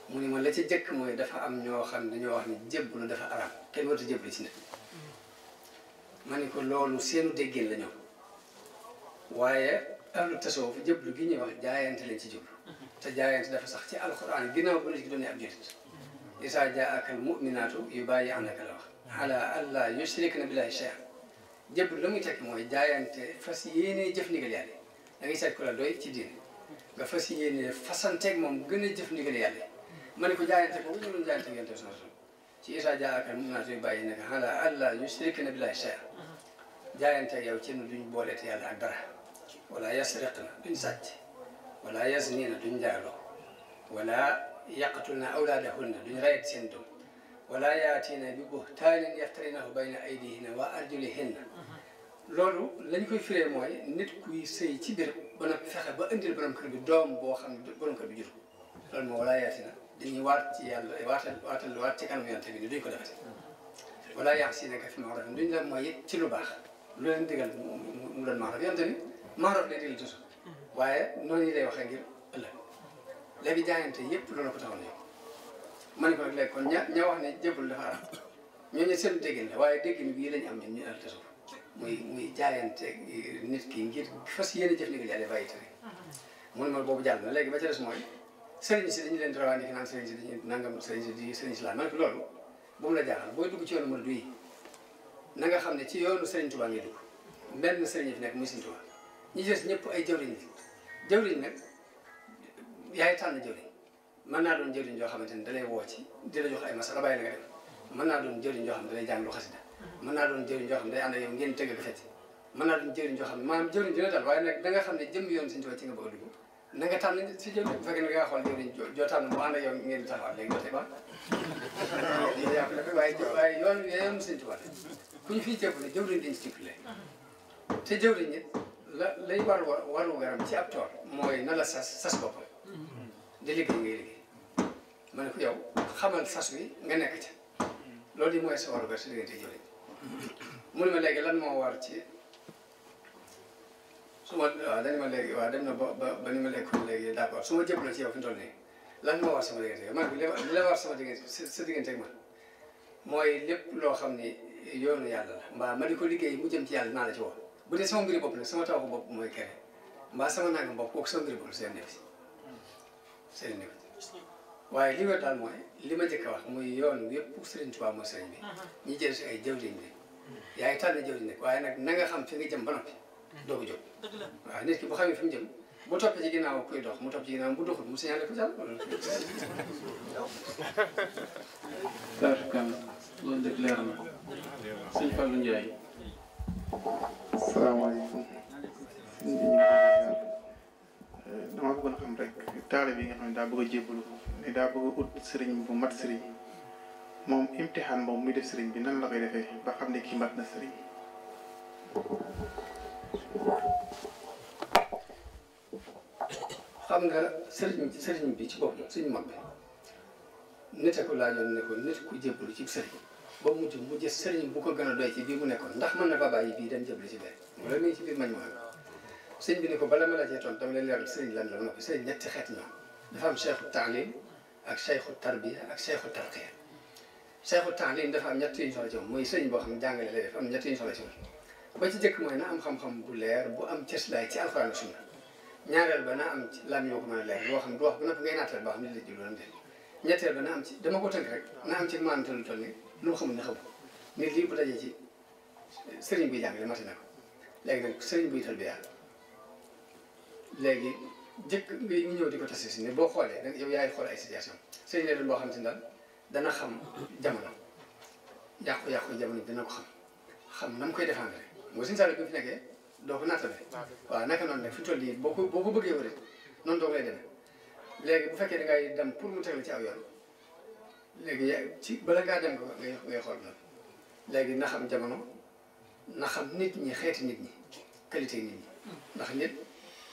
mu ne ma la ci jëkk mooy dafa am ñoo xam ne ñoo wax ne jébbalu dafa arab kenn waratu jébbalu ci nit ma ko loolu seenu déggeen la ñëw waaye ahlu tasawuf jébbalu gi ñuy wax jaayante lañ ci jublu te jaayante dafa sax ci alxuraan ginnaaw ba la ci doon ab jullit isaa jaakal mu'minaatu yu bàyyi ànd ak la wax ala allah yushrikna billahi shay'an jëbbu la muy tekk mooy jaayante fas yéene jëf ndigal yàlla da ngay seet ku la doy ci diine nga fas yéene fasanteeg moom gën a jëf ndigal yàlla ma ne ko jaayante ko wuñu doon jaayante ngeen te sona son ci isa jaaka mun naa toy bàyyi ne ko ala allah yushrikna billahi shay'an jaayanteeg yow ci nu duñ booleete yàlla ak dara wala yasriqna duñ sàcc wala yasnina duñ njaaloo wala yaqtulna awlaadahunna duñ rayet seen doom ولا ياتينا ببهتان يفترينه بين ايديهن وارجلهن لولو لا نكوي فري موي نيت كوي سي تي بير بنا فخا با انديل بنام كير بي دوم بو خام بنام كير بي جيرو لول مو ولا ياتينا دي وات تي يالا واتال واتال وات دي نكو دافات ولا يحسينك في معرفه دون لا موي تي لو باخ لو ندغال مو لن معرفه يانتي معرفه دي ديل جوسو واي نوني لي واخا الله لا بي جاينتي ييب لو man ko rek léegi kon ña ña wax ne jébul dafa araam ñooñu seen déggin la waaye déggin bii la ñu am ñun ñu al tasawuf muy muy jaayante nit ki ngir fas yéene jëf ni ko jàllee bàyyi tere mu ne ma boobu jàll na léegi ba ca des mooy sëriñ si dañu leen rawaan yi naan sëriñ si dañuy nangam sëriñ si di sëriñ si laa ma ne loolu bu mu la jaaxal booy dugg ci yoonu murid yi na nga xam ne ci yoonu sëriñ Tuubaa ngay dugg benn sëriñ fi nekk muy sëriñ Tuubaa ñi des ñëpp ay jawriñ la jawriñ nag yaay tànn jawriñ mën naa doon jëriñ joo xamante ni dalay woo ci di la jox ay masala bàyyi la nga dem mën naa doon jëriñ joo xam ne dalay jàng lu xasida mën naa doon jëriñ joo xam ne day ànd ak yow ngeen tëgg di fecc mën naa doon jëriñ joo xam ne maanaam jëriñ dina dal waaye nag da nga xam ne jëm yoon suñu ci nga bëgg a dugg na nga tànn si jëm bu fekkee ne nga xool jëriñ joo tànn mu ànd ak yow ngeen di taxawaat léegi doote baax yàpp la waaye waaye yoon yoon suñu tubaab ku ñu fii jëppale jëwriñ dañ si jëppale te jëwriñ it la lay war waru garam ci ab tool mooy na la sas sas boppam di liggéey ngay liggéey ma ko yow xamal sas wi nga nekk ca loolu yi mooy sa warugar si diggante jëriñ mu ne ma léegi lan moo war ci su ma waaw dañ ma léegi waaw dem na ba ba ba ma léegi kon léegi ma jëbla ci yow fi mu toll nii lan moo war sama diggante man li la war man mooy lépp loo xam ni yoonu yàlla la mbaa ma di ko liggéey mu jëm ci yàlla naa la ci woon bu dee sama mbiri bopp nag sama taw ko bopp mooy kere mbaa sama nangam bopp kooku sama mbiri bopp seen nekk sëriñ bi waaye li wér daal mooy li ma njëkk a wax muy yoon bi yëpp sëriñ Tuubaa mooy sëriñ bi ñi jël si ay jëwriñ bi yaay tànn jëwriñ nag waaye nag na nga xam fi nga jëm ba noppi doo ko jóg waaw nit ki bu xamee fi mu jëm bu toppee ci ginnaaw kuy mu topp ci ginnaaw bu doxul mu signalé ko jàll wala Sadio Kane loolu dëgg leer na sëñ Fallou Ndiaye salaamaaleykum damaa bëggoon xam rek taale bi nga xam ne daa bëgg a jébbalu ne daa bëgg a ut sëriñ bu mat sëriñ moom imtixaan boobu muy def sëriñ bi nan la koy defee ba xam ne kii mat na sëriñ. xam nga sëriñ bi sëriñ bi ci boppam suñu mag bi nite ko laajoon ne ko nit ku jébbalu ci sëriñ ba mujj mu gis sëriñ bu ko gën a doy ci bii mu nekkoon ndax mën na fa bàyyi bii dem jébbalu ci bee. wala mi ci biir mañ سين بني كو بلا مالا جيتون دام لي لير سين لان لان سين نيت خيت نيو دا فام شيخ التعليم اك شيخ التربيه اك شيخ الترقيه شيخ التعليم دا فام نيت انشاء الله موي سين بو خم جانغال لي فام نيت انشاء الله با تي ديك موي نا ام خم خم بو لير بو ام تيس لاي تي القران والسنه ñaaral ba na am ci lam yo ko ma lay lo xam do wax na ngay natal ba xam ni la ci doon def ñettal ba na am ci dama ko tank rek na am ci mantal tan ni lo xam ni xam ni li léegi jëkk nga ñëw di ko tase si ne boo xoolee nag yow yaay xool ay situation sëñ la boo xam si daal dana xam jamono yàqu-yàqu jamono dina ko xam xam koy défendre mooy suñu saal bi fi nekkee doo ko naatale waaw naka noon ne fi mu toll nii boo ko boo ko bëggee wëree noonu doo lay demee léegi bu fekkee da ngay dem pour mu tegal ci aw yoon léegi yaa ci bala ngaa dem ko ngay xool noonu léegi na xam jamono na xam nit ñi xeeti nit ñi qualité nit ñi ndax nit.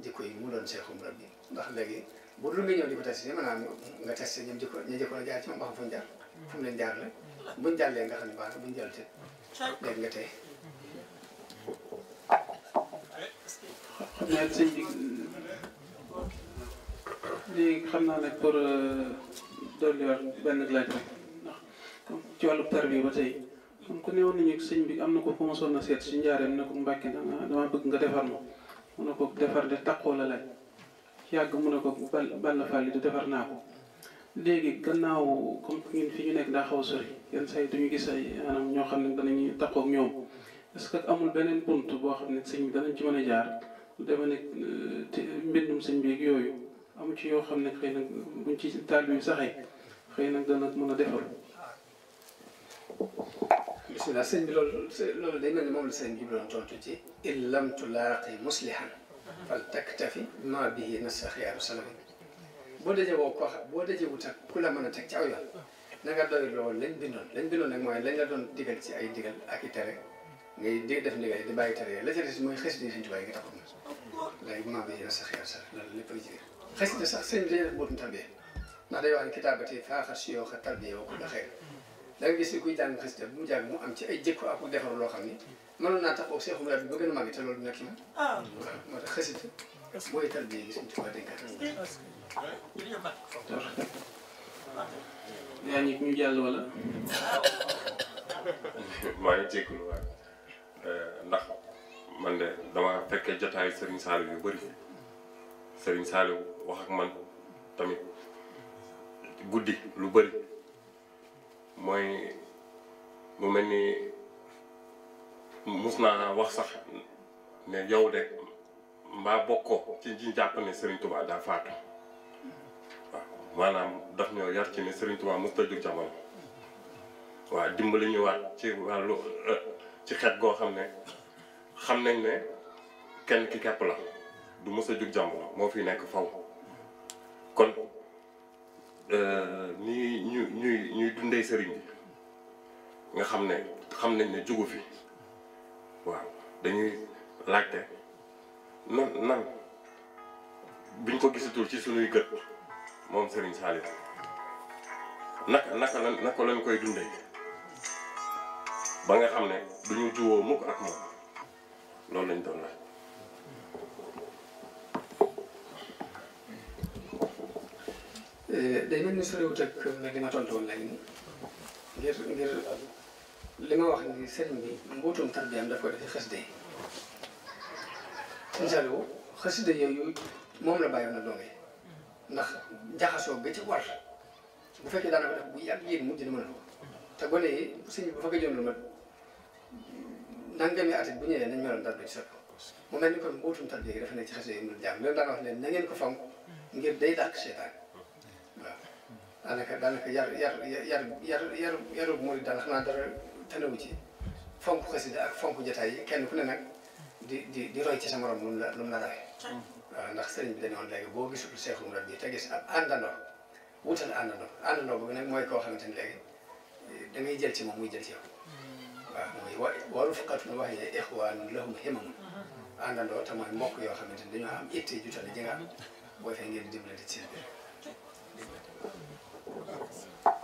jikko yi mu doon seexum rabbi ndax léegi bu lu nga ñëw di ko testé mën naa nga testé ñoom jikko ñu jikko la jaar ci moom ba xam fu ñu jaar fu mu leen jaar la buñ xam ne baax na buñ jàll te léegi nga tey ñaar sëñ xam naa ne pour euh, dolliwaat benn laaj rek ndax ci wàllu tarbiya ba tey kon ku newoon nañu sëñ bi am na ko fu ma sonn seet si njaareem ne ko mbàkki na dama bëgg nga defar ma mun ne ko defar de taqoo la laaj yàgg mu ne ko bal bal fàlli di defar naa ko léegi gannaaw comme ñun fi ñu nekk daa xaw a sori yenn saa yi duñu gis ay ñoo xam ne danañuy taqoog ñoom que amul beneen bunt boo xam ne sëñ danañ ci mën a jaar lu demee ne euh, mbindum sëñ bi ak yooyu amu ci yoo xam ne xëy na buñ ci taal bi saxee xëy na dana mën a defar bisimilah sëñ bi loolu loolu day mel ni moom la sëñ bi doon tontu ci in lam tulaaqi muslihan fal taktafi ma bihi nasa xiyaaru salaam boo dajee woo ko xam boo dajee wut ak ku la mën a teg ci na nga doy loolu mooy lañ la doon digal ci ay digal ak i tere ngay di def ndigal yi di bàyyi tere yi la ca des mooy xës di sëñ tubaab yi nga taxaw na léegi ma bihi nasa xiyaaru salaam loolu lépp ci xës di sax sëñ bi dañuy def bootum tarbiyee ndax day wax ne kitaabati faaxa siyooxa tarbiyee wa kulla xeyr da nga gis ni kuy jàng xasida bu mu jàng mu am ci ay jëkko ak defar loo xam ni mënoon naa taxaw seexum laaj bi ba gën a màgg te loolu nekk na. Ah. waaw moo tax xasida mooy tarbiya gi suñ ci waa dénkaat. yaa ngi ñu jàll eh, ndax man de dama fekkee jotaayu Serigne Saliou yu bëri Serigne Saliou wax ak man tamit guddi lu bëri. mooy mu mel ni mus naa wax sax ne yow de mbaa bokkoo ci ci jàpp ne Serigne Touba daa faatu waaw maanaam daf ñoo yar ci ne Serigne Touba mos ta jóg jamono waaw dimbali ñu waat ci wàllu euh, ci xeet goo xam ne xam nañ ne kenn ki kepp la du mos a jóg jamono moo fi nekk faw kon Euh, nii ñu ñuy ñuy dundee sëriñ bi nga xam ne xam nañ ne jugu fi waaw dañuy laajte nan nan biñ ko gisatul ci suñuy gët moom sëriñ Saliou naka naka la naka lañ koy dundee ba nga xam ne du ñu juwoo mukk ak moom loolu lañ doon laaj day mel ni soriwut ak li ma tontu woon ngir ngir li ma wax ni sëriñ bi mbuutum tarbiyaam daf ko def xasida yi. suñu Saliou xasida yooyu moom la bàyyoon na doome ndax jaxasoo ci war bu fekkee daanaka def bu yàgg yéen mujj na mën a te gone yi sëñ bi bu fa gëjoon lu mat nangami at bu ñëwee nañ meloon tarbiya ci sa mu mel ni kon mbuutum tarbiya gi dafa nekk ci xasida yi mu jaam loolu daan wax ne na ngeen ko fonk ngir day dàq seetaan daanaka daanaka yar yar yar yar yar yarub murid daal xanaa dara tënawu ci fonk xasida fonk jotaay yi kenn ku ne nag di di di roy ci sa morom lu mu la lu mu la rawee. ndax sëriñ bi dañu woon léegi boo gisul seexul murid bi te gis àndandoo wutal àndandoo àndandoo boobu nag mooy koo xamante ni léegi da ngay jël ci moom muy jël ci yow. waaw mooy wa waru fuqatun wax ne ixwaanun lahum himamun àndandoo te mooy mbokk yoo xamante ni dañoo am ittee jutale ji nga am boo fee ngeen dimbalante ci seen biir.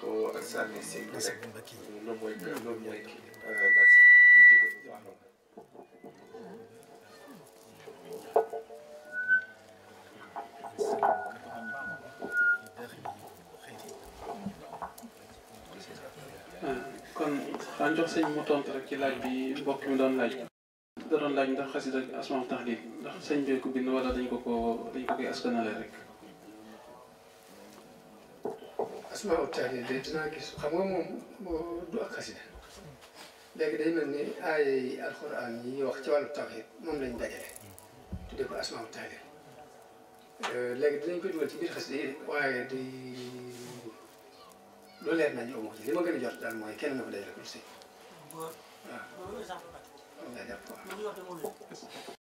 ko sànni si rek loolu mooy loolu mooy kii kon daan jox sëñ mu tontu rek ci laaj bi mbokk mi doon laaj. da doon laaj ndax xasida asmaa tax ndax sëñ bi ko bind wala dañ ko ko dañ ko koy askanale rek. asmaa utaale de dinaa gis xam nga moom du ak xasida léegi day mel ni aaya yi alxuraan yi wax ci wàllu tawhid moom lañ dajale tuddee ko asmaa utaale euh, léegi dinañ ko dugal ci biir xasida yi waaye di lu leer nañu amoo ci li ma gën a jot daal mooy kenn na ko dajale ko waaw.